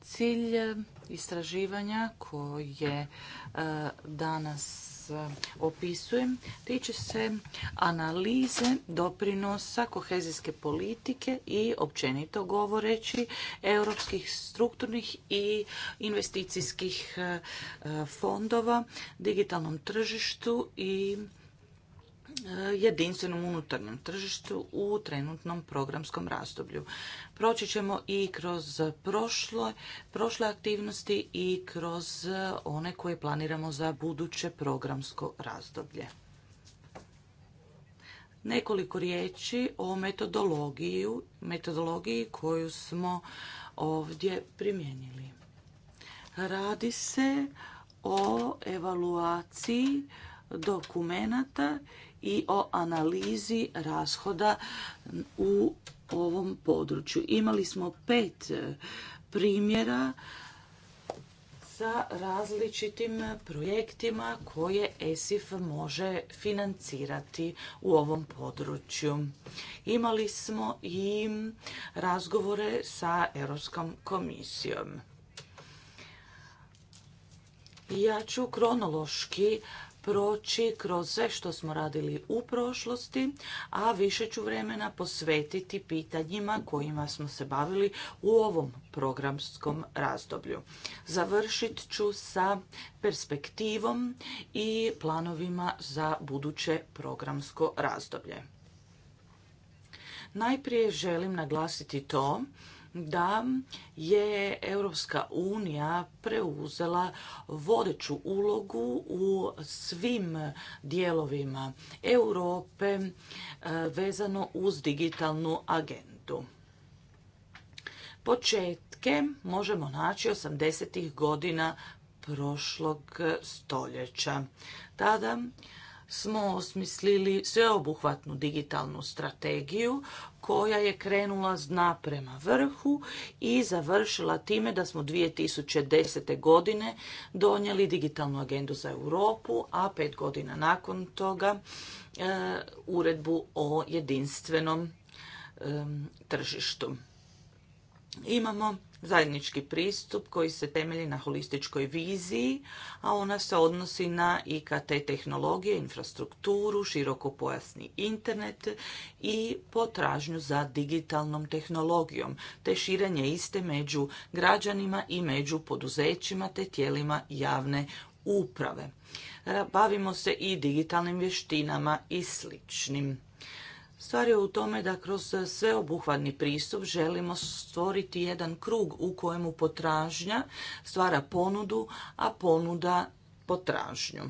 Cilj e, istraživanja koje e, danas opisujem tiče se analize doprinosa kohezijske politike i općenito govoreći europskih strukturnih i investicijskih eh, fondova digitalnom tržištu i jedinstvenom unutarnjem tržištu u trenutnom programskom razdoblju. Proći ćemo i kroz prošle aktivnosti i kroz one koje planiramo za buduće programsko razdoblje. Nekoliko riječi o metodologiji koju smo ovdje primijenili. Radi se o evaluaciji dokumenata i o analizi rashoda u ovom području. Imali smo pet e, primjera sa različitim projektima koje ESIF može financirati u ovom području. Imali smo i razgovore sa Europskom komisijom. Ja ću kronološki proći kroz sve što smo radili u prošlosti, a više ću vremena posvetiti pitanjima kojima smo se bavili u ovom programskom razdoblju. Završit ću sa perspektivom i planovima za buduće programsko razdoblje. Najprije želim naglasiti to da je Europska unija preuzela vodeću ulogu u svim dijelovima Europe e, vezano uz digitalnu agendu. Početke možemo naći 80. godina prošlog stoljeća. Tada smo osmislili sveobuhvatnu digitalnu strategiju koja je krenula zna prema vrhu i završila time da smo 2010. godine donijeli digitalnu agendu za Europu, a pet godina nakon toga e, uredbu o jedinstvenom tržištu. Imamo zajednički pristup koji se temelji na holističkoj viziji, a ona se odnosi na IKT tehnologije, infrastrukturu, širokopojasni internet i potražnju za digitalnom tehnologijom, te širenje iste među građanima i među poduzećima te tijelima javne uprave. E, bavimo se i digitalnim vještinama i sličnim Stvar je u tome da kroz sveobuhvatni pristup želimo stvoriti jedan krug u kojemu potražnja stvara ponudu, a ponuda potražnju.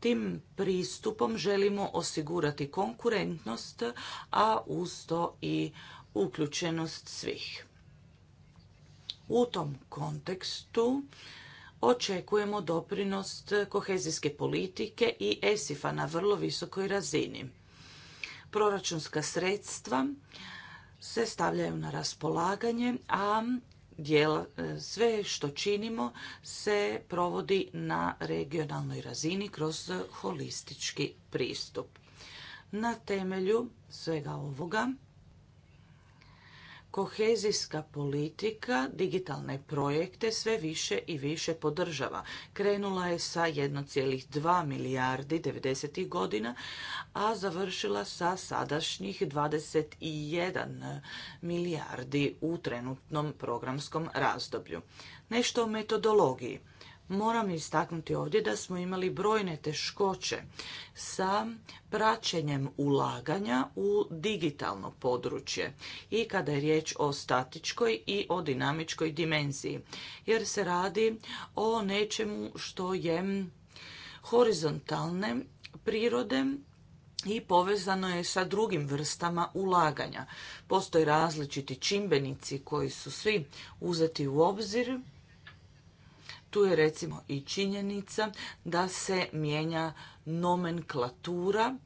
Tim pristupom želimo osigurati konkurentnost, a uz to i uključenost svih. U tom kontekstu očekujemo doprinost kohezijske politike i ESIF-a na vrlo visokoj razini proračunska sredstva se stavljaju na raspolaganje, a e, sve što činimo se provodi na regionalnoj razini kroz holistički pristup. Na temelju svega ovoga kohezijska politika digitalne projekte sve više i više podržava. Krenula je sa 1,2 milijardi 90. godina, a završila sa sadašnjih 21 milijardi u trenutnom programskom razdoblju. Nešto o metodologiji. Moram istaknuti ovdje da smo imali brojne teškoće sa praćenjem ulaganja u digitalno područje i kada je riječ o statičkoj i o dinamičkoj dimenziji, jer se radi o nečemu što je horizontalne prirode i povezano je sa drugim vrstama ulaganja. Postoje različiti čimbenici koji su svi uzeti u obzir tu je recimo i činjenica da se mijenja nomenklatura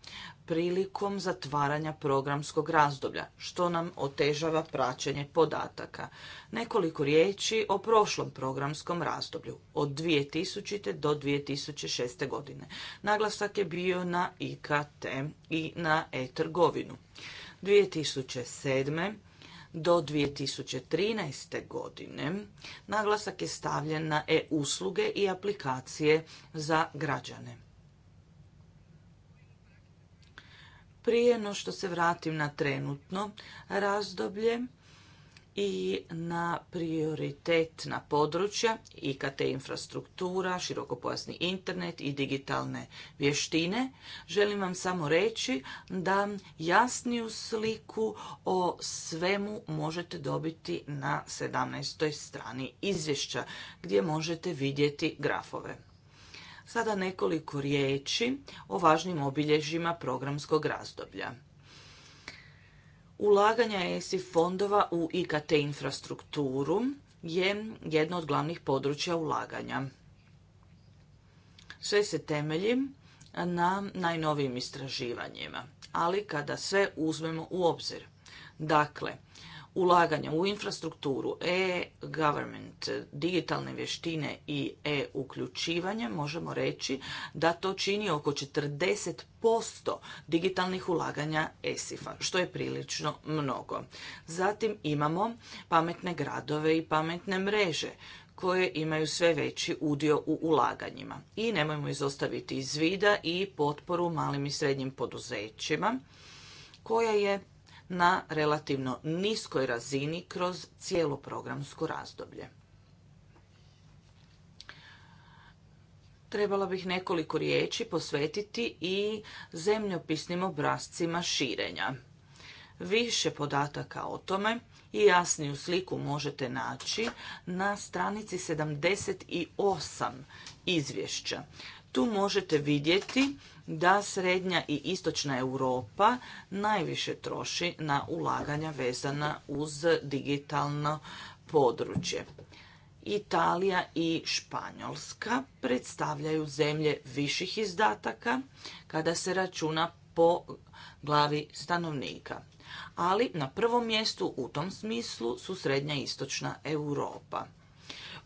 prilikom zatvaranja programskog razdoblja, što nam otežava praćenje podataka. Nekoliko riječi o prošlom programskom razdoblju, od 2000. do 2006. godine. Naglasak je bio na IKT i na e-trgovinu. 2007 do 2013. godine naglasak je stavljen na e-usluge i aplikacije za građane. Prije no što se vratim na trenutno razdoblje, i na prioritetna područja IKT infrastruktura, širokopojasni internet i digitalne vještine. Želim vam samo reći da jasniju sliku o svemu možete dobiti na 17. strani izvješća gdje možete vidjeti grafove. Sada nekoliko riječi o važnim obilježjima programskog razdoblja. Ulaganja ESI fondova u IKT infrastrukturu je jedno od glavnih područja ulaganja. Sve se temelji na najnovijim istraživanjima, ali kada sve uzmemo u obzir. Dakle, ulaganja u infrastrukturu, e-government, digitalne vještine i e-uključivanje, možemo reći da to čini oko 40% digitalnih ulaganja ESIF-a, što je prilično mnogo. Zatim imamo pametne gradove i pametne mreže koje imaju sve veći udio u ulaganjima. I nemojmo izostaviti iz vida i potporu malim i srednjim poduzećima koja je na relativno niskoj razini kroz cijelo programsko razdoblje. Trebala bih nekoliko riječi posvetiti i zemljopisnim obrazcima širenja. Više podataka o tome i jasniju sliku možete naći na stranici 78 izvješća. Tu možete vidjeti da srednja i istočna Europa najviše troši na ulaganja vezana uz digitalno područje. Italija i Španjolska predstavljaju zemlje viših izdataka kada se računa po glavi stanovnika. Ali na prvom mjestu u tom smislu su srednja i istočna Europa.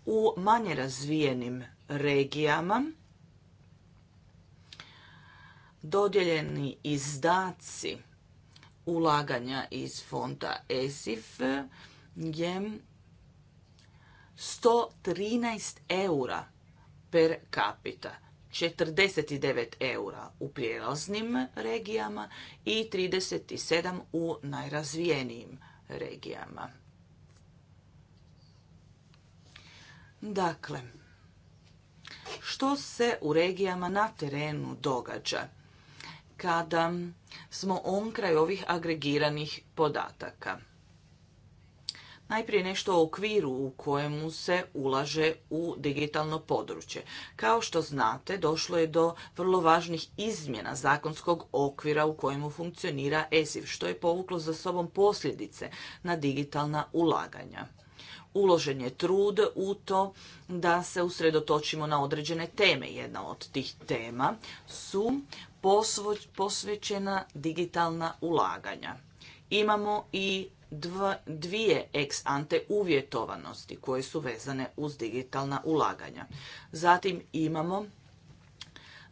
U manje razvijenim regijama dodjeljeni izdaci ulaganja iz fonda ESIF je 113 eura per capita, 49 eura u prijelaznim regijama i 37 u najrazvijenijim regijama. Dakle, što se u regijama na terenu događa? kada smo on kraj ovih agregiranih podataka. Najprije nešto o okviru u kojemu se ulaže u digitalno područje. Kao što znate, došlo je do vrlo važnih izmjena zakonskog okvira u kojemu funkcionira ESIF, što je povuklo za sobom posljedice na digitalna ulaganja. Uložen je trud u to da se usredotočimo na određene teme. Jedna od tih tema su posvećena digitalna ulaganja. Imamo i dvije ex ante uvjetovanosti koje su vezane uz digitalna ulaganja. Zatim imamo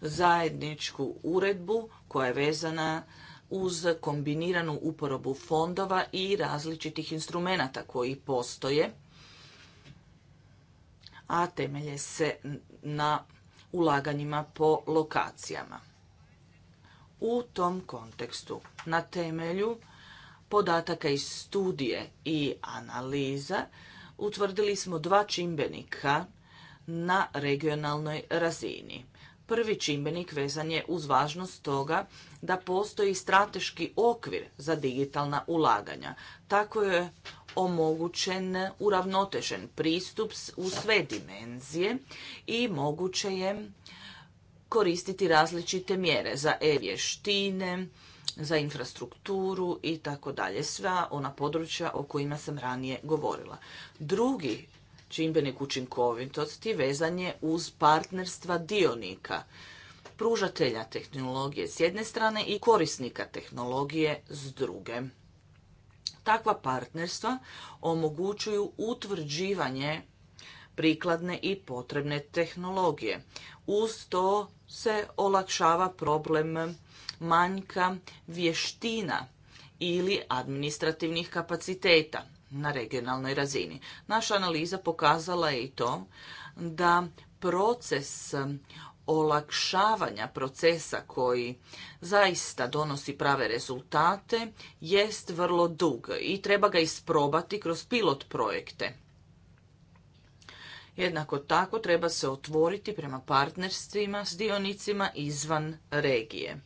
zajedničku uredbu koja je vezana uz kombiniranu uporobu fondova i različitih instrumenata koji postoje, a temelje se na ulaganjima po lokacijama u tom kontekstu na temelju podataka iz studije i analiza utvrdili smo dva čimbenika na regionalnoj razini. Prvi čimbenik vezan je uz važnost toga da postoji strateški okvir za digitalna ulaganja. Tako je omogućen uravnotežen pristup u sve dimenzije i moguće je koristiti različite mjere za e-vještine, za infrastrukturu i tako dalje, sva ona područja o kojima sam ranije govorila. Drugi čimbenik učinkovitosti vezan je uz partnerstva dionika, pružatelja tehnologije s jedne strane i korisnika tehnologije s druge. Takva partnerstva omogućuju utvrđivanje prikladne i potrebne tehnologije. Uz to se olakšava problem manjka vještina ili administrativnih kapaciteta na regionalnoj razini. Naša analiza pokazala je i to da proces olakšavanja procesa koji zaista donosi prave rezultate jest vrlo dug i treba ga isprobati kroz pilot projekte. Jednako tako treba se otvoriti prema partnerstvima s dionicima izvan regije.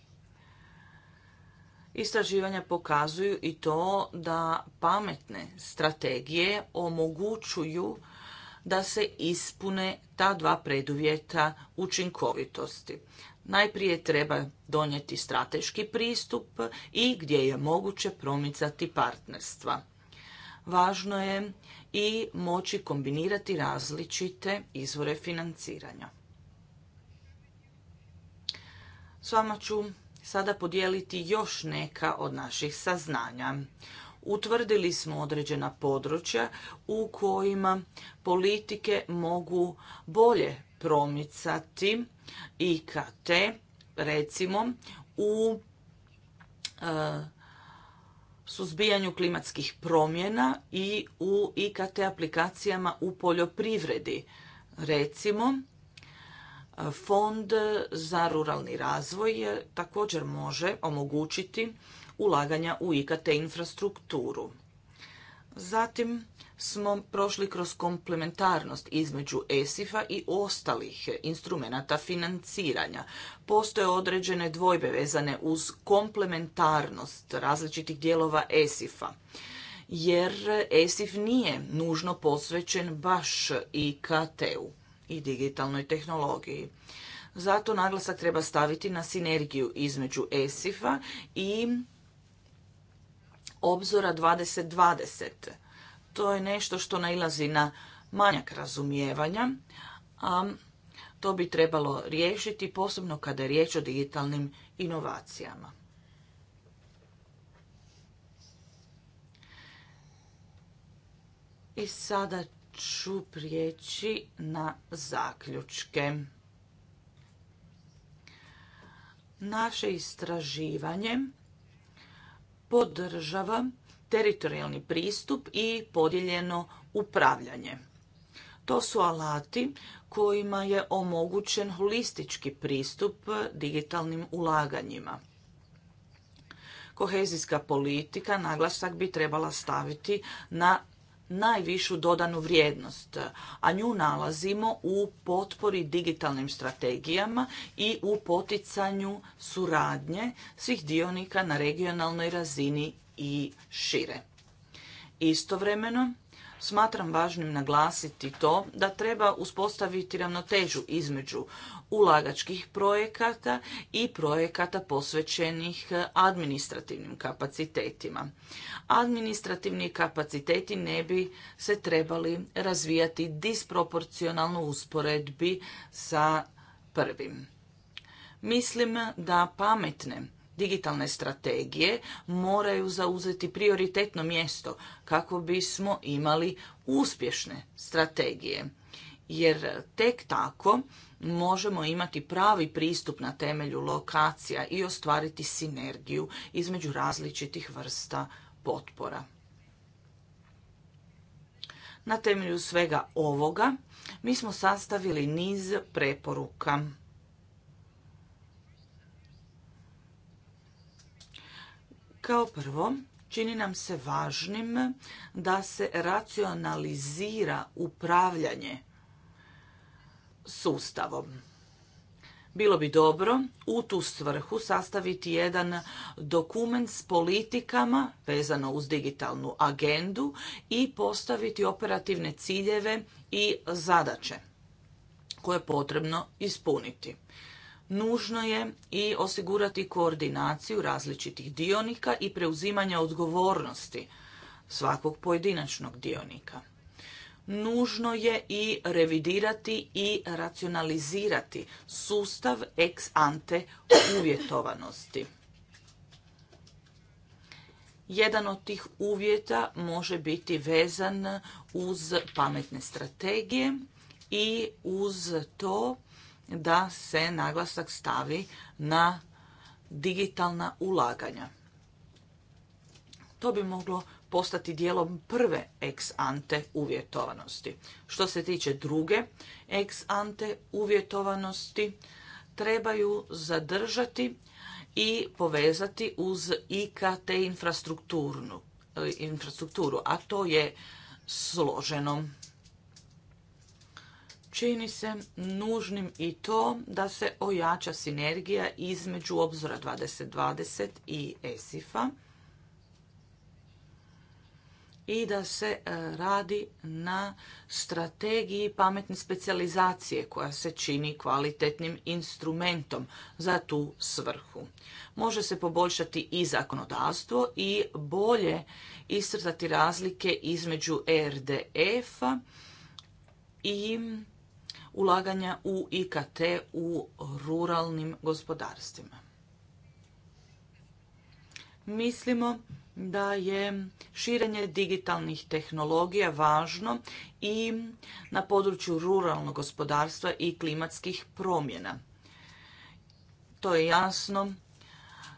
Istraživanja pokazuju i to da pametne strategije omogućuju da se ispune ta dva preduvjeta učinkovitosti. Najprije treba donijeti strateški pristup i gdje je moguće promicati partnerstva važno je i moći kombinirati različite izvore financiranja. S vama ću sada podijeliti još neka od naših saznanja. Utvrdili smo određena područja u kojima politike mogu bolje promicati IKT, recimo u e, suzbijanju klimatskih promjena i u IKT aplikacijama u poljoprivredi. Recimo, Fond za ruralni razvoj također može omogućiti ulaganja u IKT infrastrukturu. Zatim smo prošli kroz komplementarnost između ESIF-a i ostalih instrumenata financiranja. Postoje određene dvojbe vezane uz komplementarnost različitih dijelova ESIF-a jer ESIF nije nužno posvećen baš IKT-u i digitalnoj tehnologiji. Zato naglasak treba staviti na sinergiju između ESIF-a i obzora 2020. To je nešto što nailazi na manjak razumijevanja, a to bi trebalo riješiti posebno kada je riječ o digitalnim inovacijama. I sada ću prijeći na zaključke. Naše istraživanje podržava teritorijalni pristup i podijeljeno upravljanje. To su alati kojima je omogućen holistički pristup digitalnim ulaganjima. Kohezijska politika naglasak bi trebala staviti na najvišu dodanu vrijednost, a nju nalazimo u potpori digitalnim strategijama i u poticanju suradnje svih dionika na regionalnoj razini i šire. Istovremeno, smatram važnim naglasiti to da treba uspostaviti ravnotežu između ulagačkih projekata i projekata posvećenih e, administrativnim kapacitetima. Administrativni kapaciteti ne bi se trebali razvijati disproporcionalno usporedbi sa prvim. Mislim da pametne digitalne strategije moraju zauzeti prioritetno mjesto kako bismo imali uspješne strategije. Jer tek tako možemo imati pravi pristup na temelju lokacija i ostvariti sinergiju između različitih vrsta potpora. Na temelju svega ovoga mi smo sastavili niz preporuka Kao prvo, čini nam se važnim da se racionalizira upravljanje sustavom. Bilo bi dobro u tu svrhu sastaviti jedan dokument s politikama vezano uz digitalnu agendu i postaviti operativne ciljeve i zadaće koje je potrebno ispuniti nužno je i osigurati koordinaciju različitih dionika i preuzimanja odgovornosti svakog pojedinačnog dionika. Nužno je i revidirati i racionalizirati sustav ex ante uvjetovanosti. Jedan od tih uvjeta može biti vezan uz pametne strategije i uz to da se naglasak stavi na digitalna ulaganja. To bi moglo postati dijelom prve ex ante uvjetovanosti. Što se tiče druge ex ante uvjetovanosti, trebaju zadržati i povezati uz IKT infrastrukturu, a to je složeno čini se nužnim i to da se ojača sinergija između obzora 2020 i ESIF-a i da se e, radi na strategiji pametne specijalizacije koja se čini kvalitetnim instrumentom za tu svrhu. Može se poboljšati i zakonodavstvo i bolje iscrtati razlike između RDF-a i ulaganja u IKT u ruralnim gospodarstvima. Mislimo da je širenje digitalnih tehnologija važno i na području ruralnog gospodarstva i klimatskih promjena. To je jasno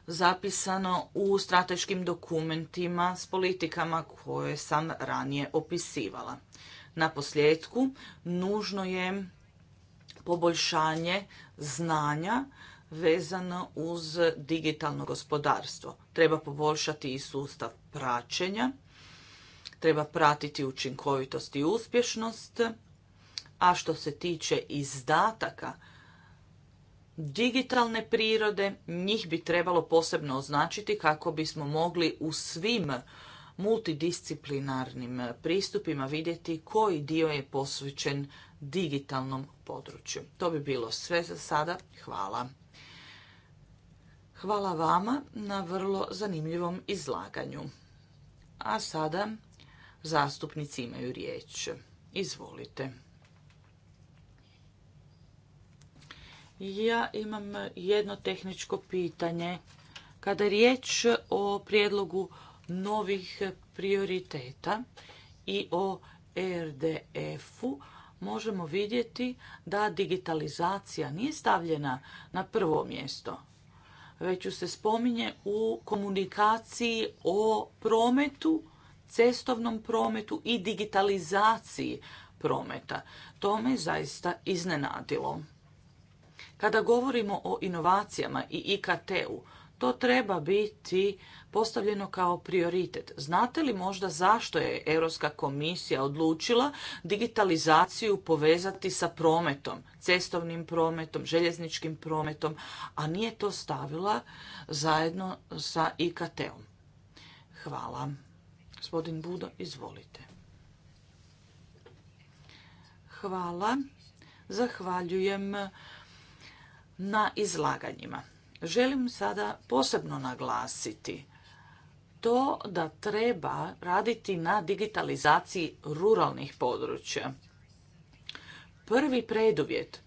zapisano u strateškim dokumentima s politikama koje sam ranije opisivala. Na posljedku, nužno je poboljšanje znanja vezano uz digitalno gospodarstvo. Treba poboljšati i sustav praćenja, treba pratiti učinkovitost i uspješnost, a što se tiče izdataka digitalne prirode, njih bi trebalo posebno označiti kako bismo mogli u svim multidisciplinarnim pristupima vidjeti koji dio je posvećen digitalnom području. To bi bilo sve za sada. Hvala. Hvala vama na vrlo zanimljivom izlaganju. A sada zastupnici imaju riječ. Izvolite. Ja imam jedno tehničko pitanje. Kada je riječ o prijedlogu novih prioriteta i o rdf u možemo vidjeti da digitalizacija nije stavljena na prvo mjesto, već ju se spominje u komunikaciji o prometu, cestovnom prometu i digitalizaciji prometa. To me zaista iznenadilo. Kada govorimo o inovacijama i IKT-u, to treba biti postavljeno kao prioritet. Znate li možda zašto je Europska komisija odlučila digitalizaciju povezati sa prometom, cestovnim prometom, željezničkim prometom, a nije to stavila zajedno sa IKT-om? Hvala. Gospodin Budo, izvolite. Hvala. Zahvaljujem na izlaganjima. Želim sada posebno naglasiti to da treba raditi na digitalizaciji ruralnih područja. Prvi preduvjet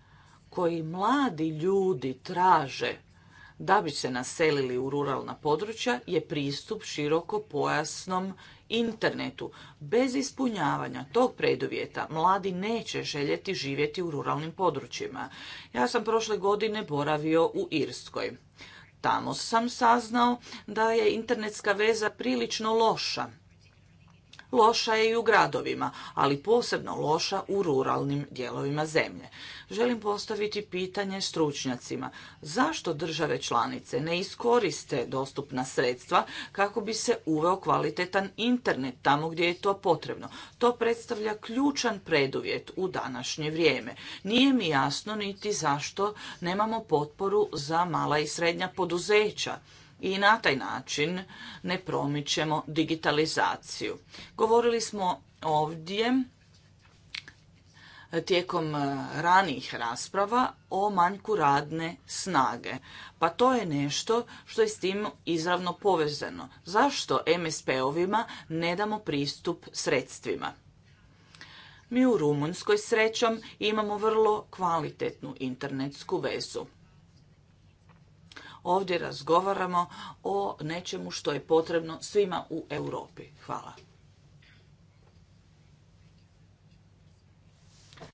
koji mladi ljudi traže da bi se naselili u ruralna područja je pristup široko pojasnom internetu. Bez ispunjavanja tog preduvjeta mladi neće željeti živjeti u ruralnim područjima. Ja sam prošle godine boravio u Irskoj. Tamo sam saznao da je internetska veza prilično loša loša je i u gradovima, ali posebno loša u ruralnim dijelovima zemlje. Želim postaviti pitanje stručnjacima. Zašto države članice ne iskoriste dostupna sredstva kako bi se uveo kvalitetan internet tamo gdje je to potrebno? To predstavlja ključan preduvjet u današnje vrijeme. Nije mi jasno niti zašto nemamo potporu za mala i srednja poduzeća i na taj način ne promičemo digitalizaciju. Govorili smo ovdje tijekom e, ranijih rasprava o manjku radne snage. Pa to je nešto što je s tim izravno povezano. Zašto MSP-ovima ne damo pristup sredstvima? Mi u Rumunjskoj srećom imamo vrlo kvalitetnu internetsku vezu ovdje razgovaramo o nečemu što je potrebno svima u Europi. Hvala.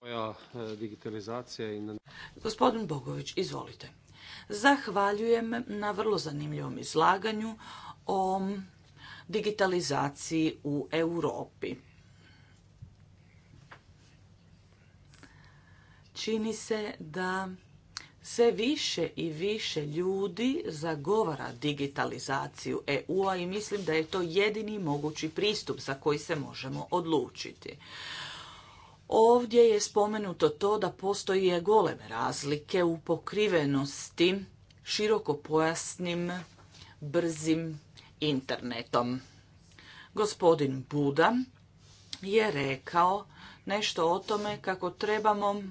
E, digitalizacija Gospodin Bogović, izvolite. Zahvaljujem na vrlo zanimljivom izlaganju o digitalizaciji u Europi. Čini se da sve više i više ljudi zagovara digitalizaciju EU-a i mislim da je to jedini mogući pristup za koji se možemo odlučiti. Ovdje je spomenuto to da postoje goleme razlike u pokrivenosti širokopojasnim brzim internetom. Gospodin Buda je rekao nešto o tome kako trebamo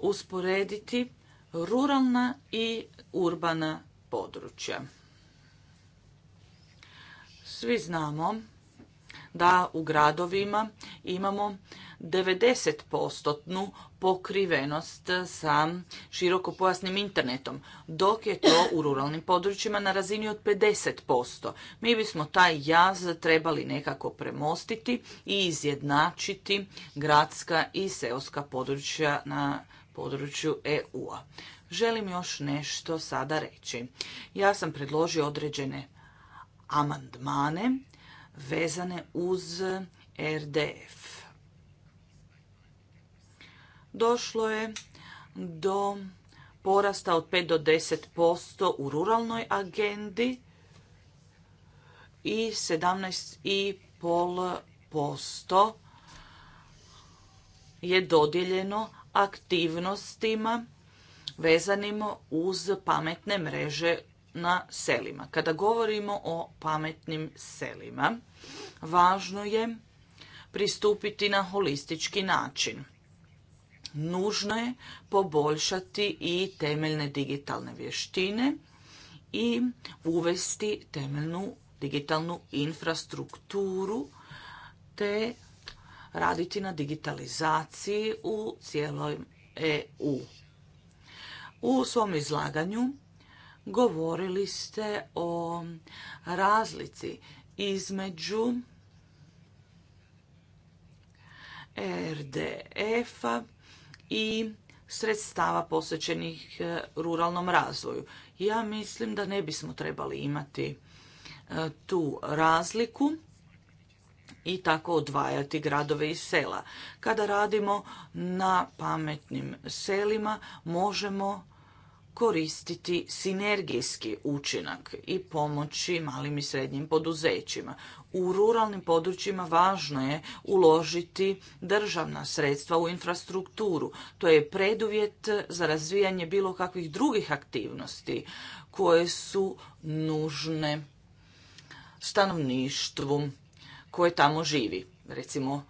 usporediti ruralna i urbana područja. Svi znamo da u gradovima imamo 90% pokrivenost sa širokopojasnim internetom, dok je to u ruralnim područjima na razini od 50%. Mi bismo taj jaz trebali nekako premostiti i izjednačiti gradska i seoska područja na području EU-a. Želim još nešto sada reći. Ja sam predložio određene amandmane vezane uz RDF. Došlo je do porasta od 5 do 10% u ruralnoj agendi i 17,5% je dodijeljeno aktivnostima vezanim uz pametne mreže na selima. Kada govorimo o pametnim selima, važno je pristupiti na holistički način. Nužno je poboljšati i temeljne digitalne vještine i uvesti temeljnu digitalnu infrastrukturu te raditi na digitalizaciji u cijeloj EU. U svom izlaganju govorili ste o razlici između RDF-a i sredstava posvećenih e, ruralnom razvoju. Ja mislim da ne bismo trebali imati e, tu razliku i tako odvajati gradove i sela. Kada radimo na pametnim selima možemo koristiti sinergijski učinak i pomoći malim i srednjim poduzećima. U ruralnim područjima važno je uložiti državna sredstva u infrastrukturu. To je preduvjet za razvijanje bilo kakvih drugih aktivnosti koje su nužne stanovništvu koje tamo živi, recimo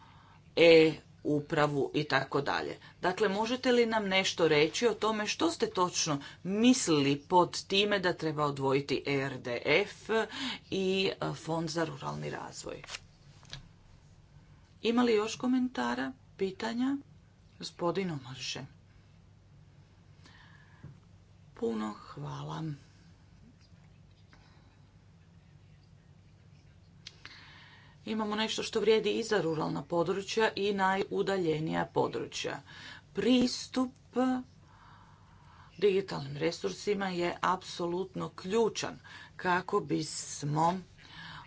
e upravu i tako dalje. Dakle, možete li nam nešto reći o tome što ste točno mislili pod time da treba odvojiti ERDF i e, Fond za ruralni razvoj? Ima li još komentara, pitanja? Gospodin Marše, Puno hvala. imamo nešto što vrijedi i za ruralna područja i najudaljenija područja. Pristup digitalnim resursima je apsolutno ključan kako bismo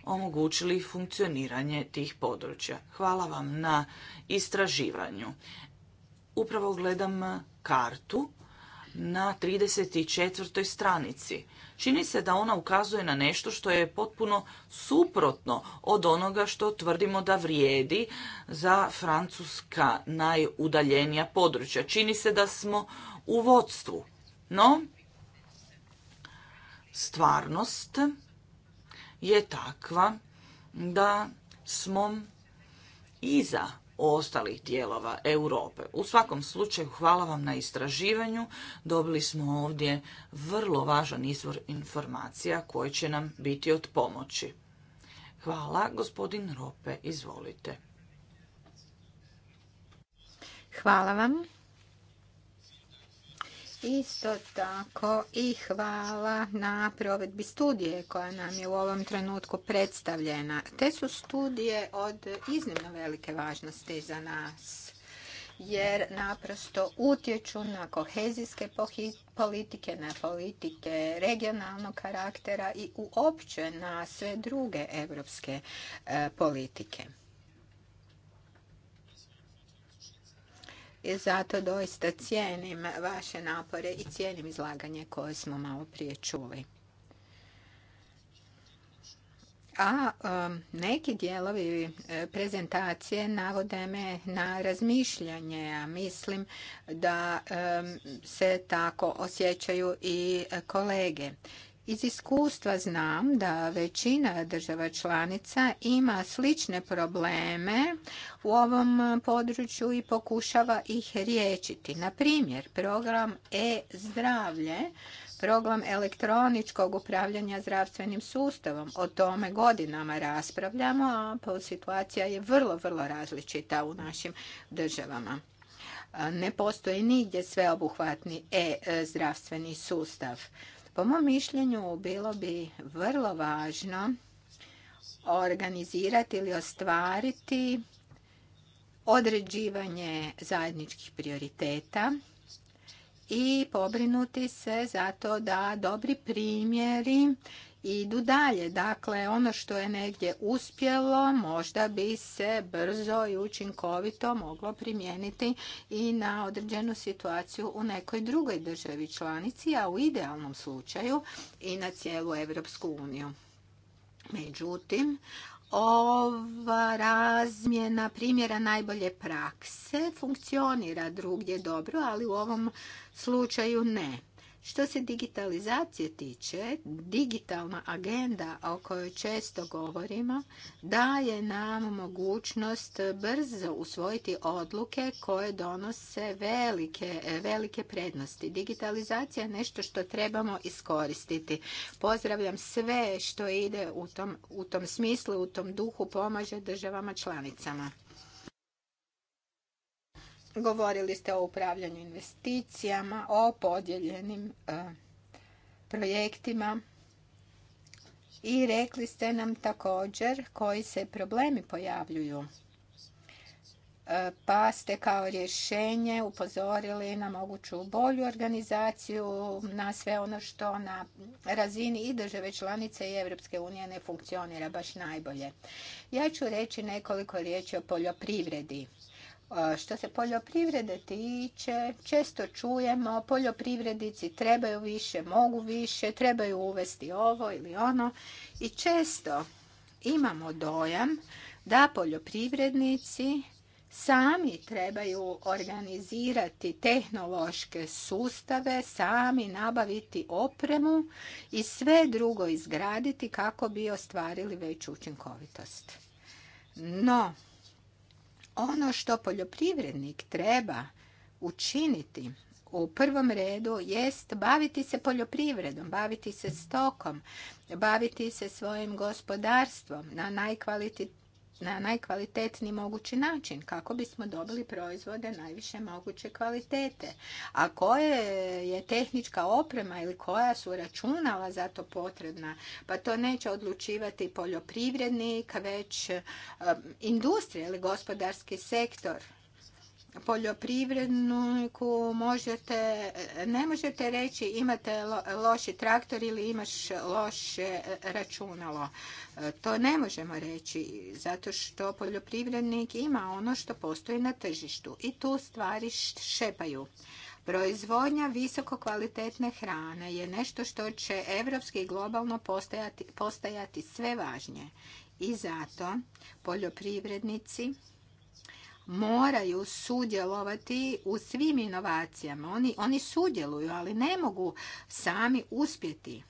omogućili funkcioniranje tih područja. Hvala vam na istraživanju. Upravo gledam kartu na 34. stranici. Čini se da ona ukazuje na nešto što je potpuno suprotno od onoga što tvrdimo da vrijedi za Francuska najudaljenija područja. Čini se da smo u vodstvu. No, stvarnost je takva da smo iza ostalih dijelova Europe. U svakom slučaju hvala vam na istraživanju. Dobili smo ovdje vrlo važan izvor informacija koji će nam biti od pomoći. Hvala, gospodin Rope, izvolite. Hvala vam. Isto tako i hvala na provedbi studije koja nam je u ovom trenutku predstavljena. Te su studije od iznimno velike važnosti za nas jer naprosto utječu na kohezijske politike, na politike regionalnog karaktera i uopće na sve druge europske e, politike. zato doista cijenim vaše napore i cijenim izlaganje koje smo malo prije čuli. A um, neki dijelovi e, prezentacije navode me na razmišljanje, a mislim da um, se tako osjećaju i kolege. Iz iskustva znam da većina država članica ima slične probleme u ovom području i pokušava ih riješiti. Na primjer, program e-zdravlje program elektroničkog upravljanja zdravstvenim sustavom. O tome godinama raspravljamo, a situacija je vrlo, vrlo različita u našim državama. Ne postoji nigdje sveobuhvatni e-zdravstveni sustav. Po mom mišljenju bilo bi vrlo važno organizirati ili ostvariti određivanje zajedničkih prioriteta i pobrinuti se zato da dobri primjeri idu dalje. Dakle, ono što je negdje uspjelo možda bi se brzo i učinkovito moglo primijeniti i na određenu situaciju u nekoj drugoj državi članici, a u idealnom slučaju i na cijelu Europsku uniju. Međutim, ova razmjena primjera najbolje prakse funkcionira drugdje dobro, ali u ovom slučaju ne. Što se digitalizacije tiče, digitalna agenda o kojoj često govorimo daje nam mogućnost brzo usvojiti odluke koje donose velike, velike prednosti. Digitalizacija je nešto što trebamo iskoristiti. Pozdravljam sve što ide u tom, u tom smislu, u tom duhu pomaže državama članicama. Govorili ste o upravljanju investicijama, o podijeljenim e, projektima i rekli ste nam također koji se problemi pojavljuju. E, pa ste kao rješenje upozorili na moguću bolju organizaciju, na sve ono što na razini i države članice i Europske unije ne funkcionira baš najbolje. Ja ću reći nekoliko riječi o poljoprivredi. Što se poljoprivrede tiče, često čujemo poljoprivrednici trebaju više, mogu više, trebaju uvesti ovo ili ono i često imamo dojam da poljoprivrednici sami trebaju organizirati tehnološke sustave, sami nabaviti opremu i sve drugo izgraditi kako bi ostvarili veću učinkovitost. No, ono što poljoprivrednik treba učiniti u prvom redu jest baviti se poljoprivredom, baviti se stokom, baviti se svojim gospodarstvom na najkvalitetniji na najkvalitetniji mogući način kako bismo dobili proizvode najviše moguće kvalitete. A koja je tehnička oprema ili koja su računala za to potrebna, pa to neće odlučivati poljoprivrednik, već um, industrija ili gospodarski sektor poljoprivredniku možete, ne možete reći imate loši traktor ili imaš loše računalo. E, to ne možemo reći zato što poljoprivrednik ima ono što postoji na tržištu i tu stvari šepaju. Proizvodnja visokokvalitetne hrane je nešto što će evropski i globalno postajati, postajati sve važnije. I zato poljoprivrednici moraju sudjelovati u svim inovacijama. Oni, oni sudjeluju, ali ne mogu sami uspjeti.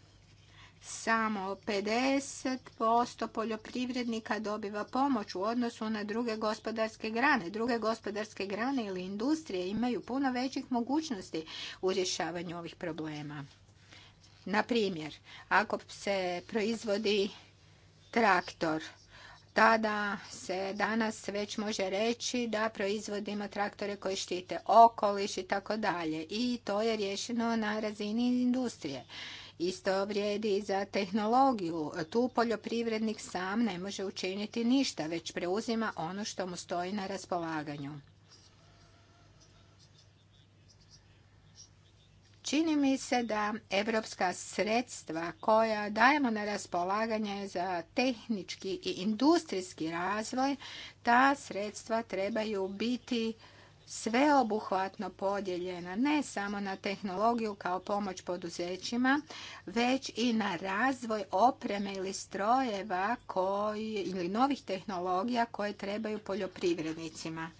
Samo 50% poljoprivrednika dobiva pomoć u odnosu na druge gospodarske grane. Druge gospodarske grane ili industrije imaju puno većih mogućnosti u rješavanju ovih problema. Na primjer, ako se proizvodi traktor tada se danas već može reći da proizvodimo traktore koji štite okoliš i tako dalje. I to je rješeno na razini industrije. Isto vrijedi i za tehnologiju. Tu poljoprivrednik sam ne može učiniti ništa, već preuzima ono što mu stoji na raspolaganju. Čini mi se da evropska sredstva koja dajemo na raspolaganje za tehnički i industrijski razvoj, ta sredstva trebaju biti sveobuhvatno podijeljena ne samo na tehnologiju kao pomoć poduzećima, već i na razvoj opreme ili strojeva koji, ili novih tehnologija koje trebaju poljoprivrednicima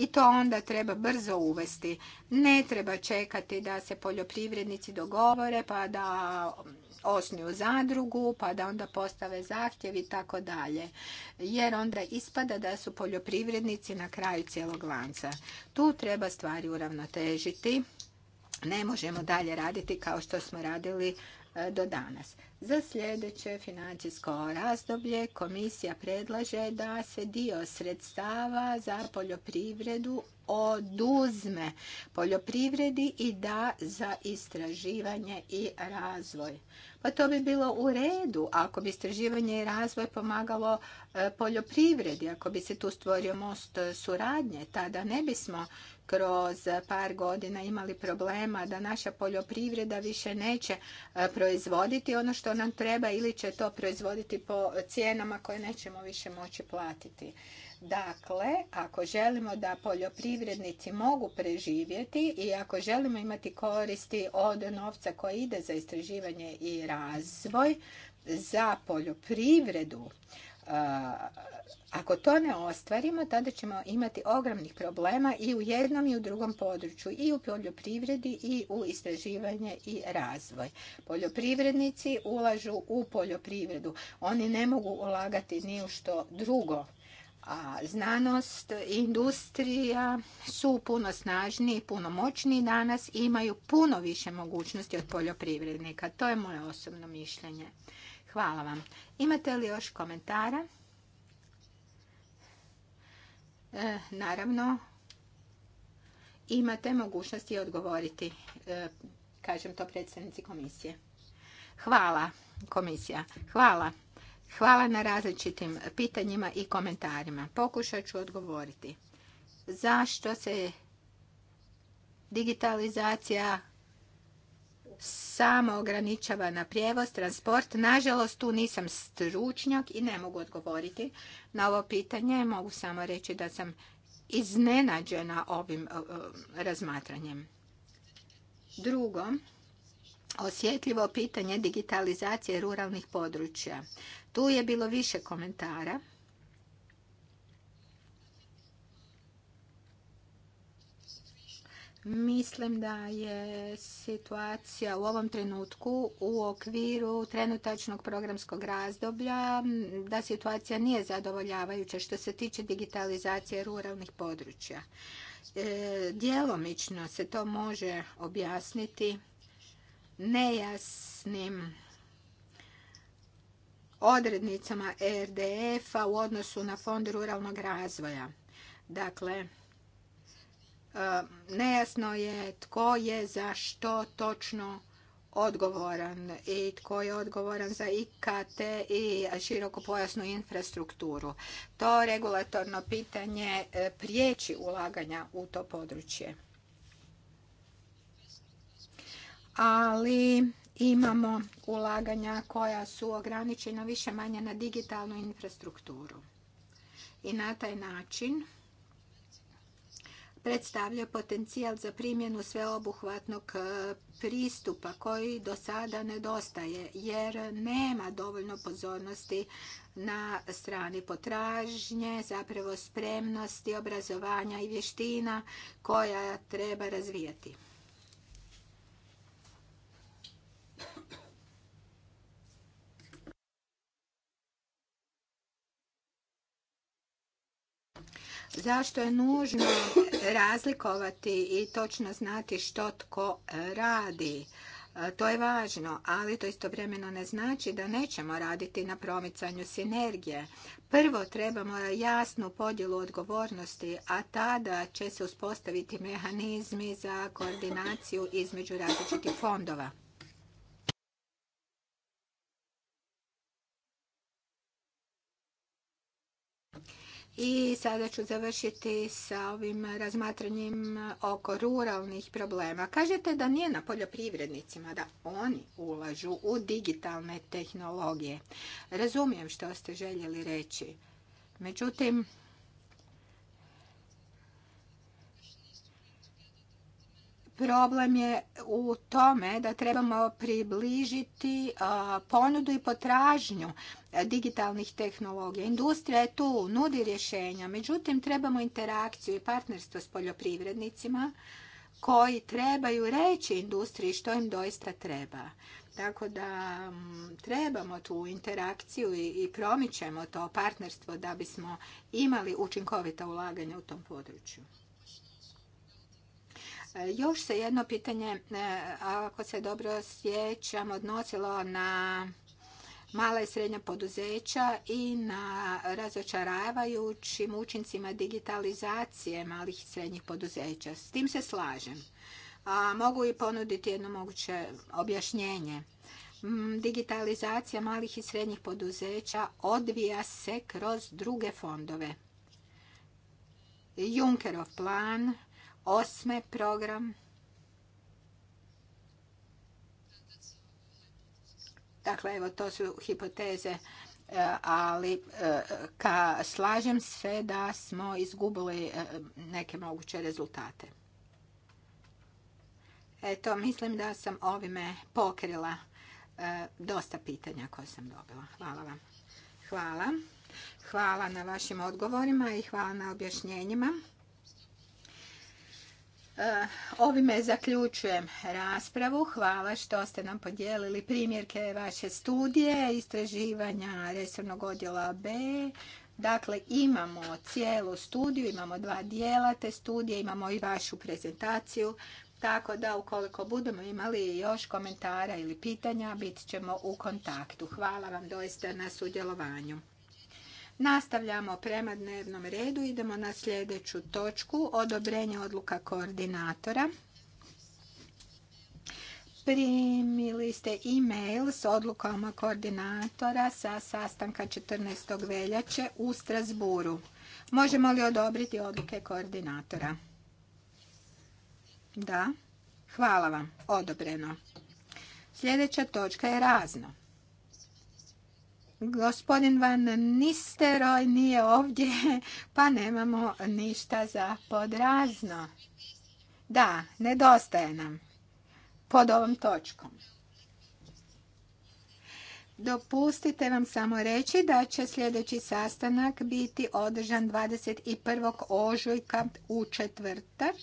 i to onda treba brzo uvesti. Ne treba čekati da se poljoprivrednici dogovore pa da osnuju zadrugu, pa da onda postave zahtjev i tako dalje. Jer onda ispada da su poljoprivrednici na kraju cijelog lanca. Tu treba stvari uravnotežiti. Ne možemo dalje raditi kao što smo radili E, do danas. Za sljedeće financijsko razdoblje komisija predlaže da se dio sredstava za poljoprivredu oduzme poljoprivredi i da za istraživanje i razvoj. Pa to bi bilo u redu ako bi istraživanje i razvoj pomagalo e, poljoprivredi, ako bi se tu stvorio most suradnje, tada ne bismo kroz par godina imali problema da naša poljoprivreda više neće proizvoditi e, proizvoditi ono što nam treba ili će to proizvoditi po cijenama koje nećemo više moći platiti. Dakle, ako želimo da poljoprivrednici mogu preživjeti i ako želimo imati koristi od novca koji ide za istraživanje i razvoj za poljoprivredu, ako to ne ostvarimo, tada ćemo imati ogromnih problema i u jednom i u drugom području, i u poljoprivredi i u istraživanje i razvoj. Poljoprivrednici ulažu u poljoprivredu. Oni ne mogu ulagati ni u što drugo. A znanost industrija su puno snažniji, puno moćniji danas i imaju puno više mogućnosti od poljoprivrednika. To je moje osobno mišljenje. Hvala vam. Imate li još komentara? E, naravno imate mogućnosti odgovoriti, e, kažem to predstavnici komisije. Hvala komisija, hvala. Hvala na različitim pitanjima i komentarima. Pokušat ću odgovoriti. Zašto se digitalizacija samo ograničava na prijevoz, transport. Nažalost, tu nisam stručnjak i ne mogu odgovoriti na ovo pitanje. Mogu samo reći da sam iznenađena ovim razmatranjem. Drugo, osjetljivo pitanje digitalizacije ruralnih područja. Tu je bilo više komentara. Mislim da je situacija u ovom trenutku u okviru trenutačnog programskog razdoblja da situacija nije zadovoljavajuća što se tiče digitalizacije ruralnih područja. E, djelomično se to može objasniti nejasnim odrednicama rdf a u odnosu na fond ruralnog razvoja. Dakle, E, nejasno je tko je za što točno odgovoran i tko je odgovoran za IKT i pojasnu infrastrukturu. To regulatorno pitanje e, priječi ulaganja u to područje. Ali imamo ulaganja koja su ograničena više manje na digitalnu infrastrukturu. I na taj način predstavlja potencijal za primjenu sveobuhvatnog e, pristupa koji do sada nedostaje jer nema dovoljno pozornosti na strani potražnje, zapravo spremnosti, obrazovanja i vještina koja treba razvijati. zašto je nužno razlikovati i točno znati što tko e, radi. E, to je važno, ali to istovremeno ne znači da nećemo raditi na promicanju sinergije. Prvo trebamo jasnu podjelu odgovornosti, a tada će se uspostaviti mehanizmi za koordinaciju između različitih fondova. I sada ću završiti sa ovim razmatranjem oko ruralnih problema. Kažete da nije na poljoprivrednicima, da oni ulažu u digitalne tehnologije. Razumijem što ste željeli reći. Međutim, Problem je u tome da trebamo približiti ponudu i potražnju e, digitalnih tehnologija. Industrija je tu, nudi rješenja, međutim trebamo interakciju i partnerstvo s poljoprivrednicima koji trebaju reći industriji što im doista treba. Tako da trebamo tu interakciju i promičemo to partnerstvo da bismo imali učinkovita ulaganja u tom području. Još se jedno pitanje, e, ako se dobro sjećam, odnosilo na mala i srednja poduzeća i na razočaravajućim učincima digitalizacije malih i srednjih poduzeća. S tim se slažem. A mogu i ponuditi jedno moguće objašnjenje. Mm, digitalizacija malih i srednjih poduzeća odvija se kroz druge fondove. Junkerov plan osme program. Dakle, evo, to su hipoteze, e, ali e, ka, slažem se da smo izgubili e, neke moguće rezultate. Eto, mislim da sam ovime pokrila dosta pitanja koje sam dobila. Hvala vam. Hvala. Hvala na vašim odgovorima i hvala na objašnjenjima. Eh, ovime zaključujem raspravu. Hvala što ste nam podijelili primjerke vaše studije, istraživanja resornog odjela B. Dakle, imamo cijelu studiju, imamo dva dijela te studije, imamo i vašu prezentaciju. Tako da ukoliko budemo imali još komentara ili pitanja, bit ćemo u kontaktu. Hvala vam doista na sudjelovanju. Nastavljamo prema dnevnom redu. Idemo na sljedeću točku. Odobrenje odluka koordinatora. Primili ste e-mail s odlukama koordinatora sa sastanka 14. veljače u Strasburu. Možemo li odobriti odluke koordinatora? Da. Hvala vam. Odobreno. Sljedeća točka je razno. Gospodin Van Nisteroj nije ovdje, pa nemamo ništa za podrazno. Da, nedostaje nam pod ovom točkom. Dopustite vam samo reći da će sljedeći sastanak biti održan 21. ožujka u četvrtak.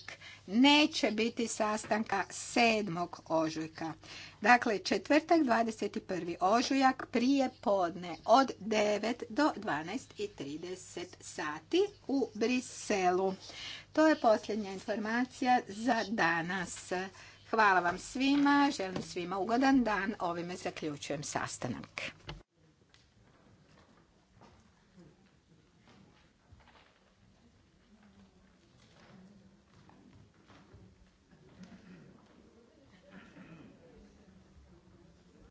Neće biti sastanka 7. ožujka. Dakle, četvrtak 21. ožujak prije podne od 9 do 12.30 sati u Briselu. To je posljednja informacija za danas. Hvala vam svima, želim svima ugodan dan, ovime zaključujem sastanak.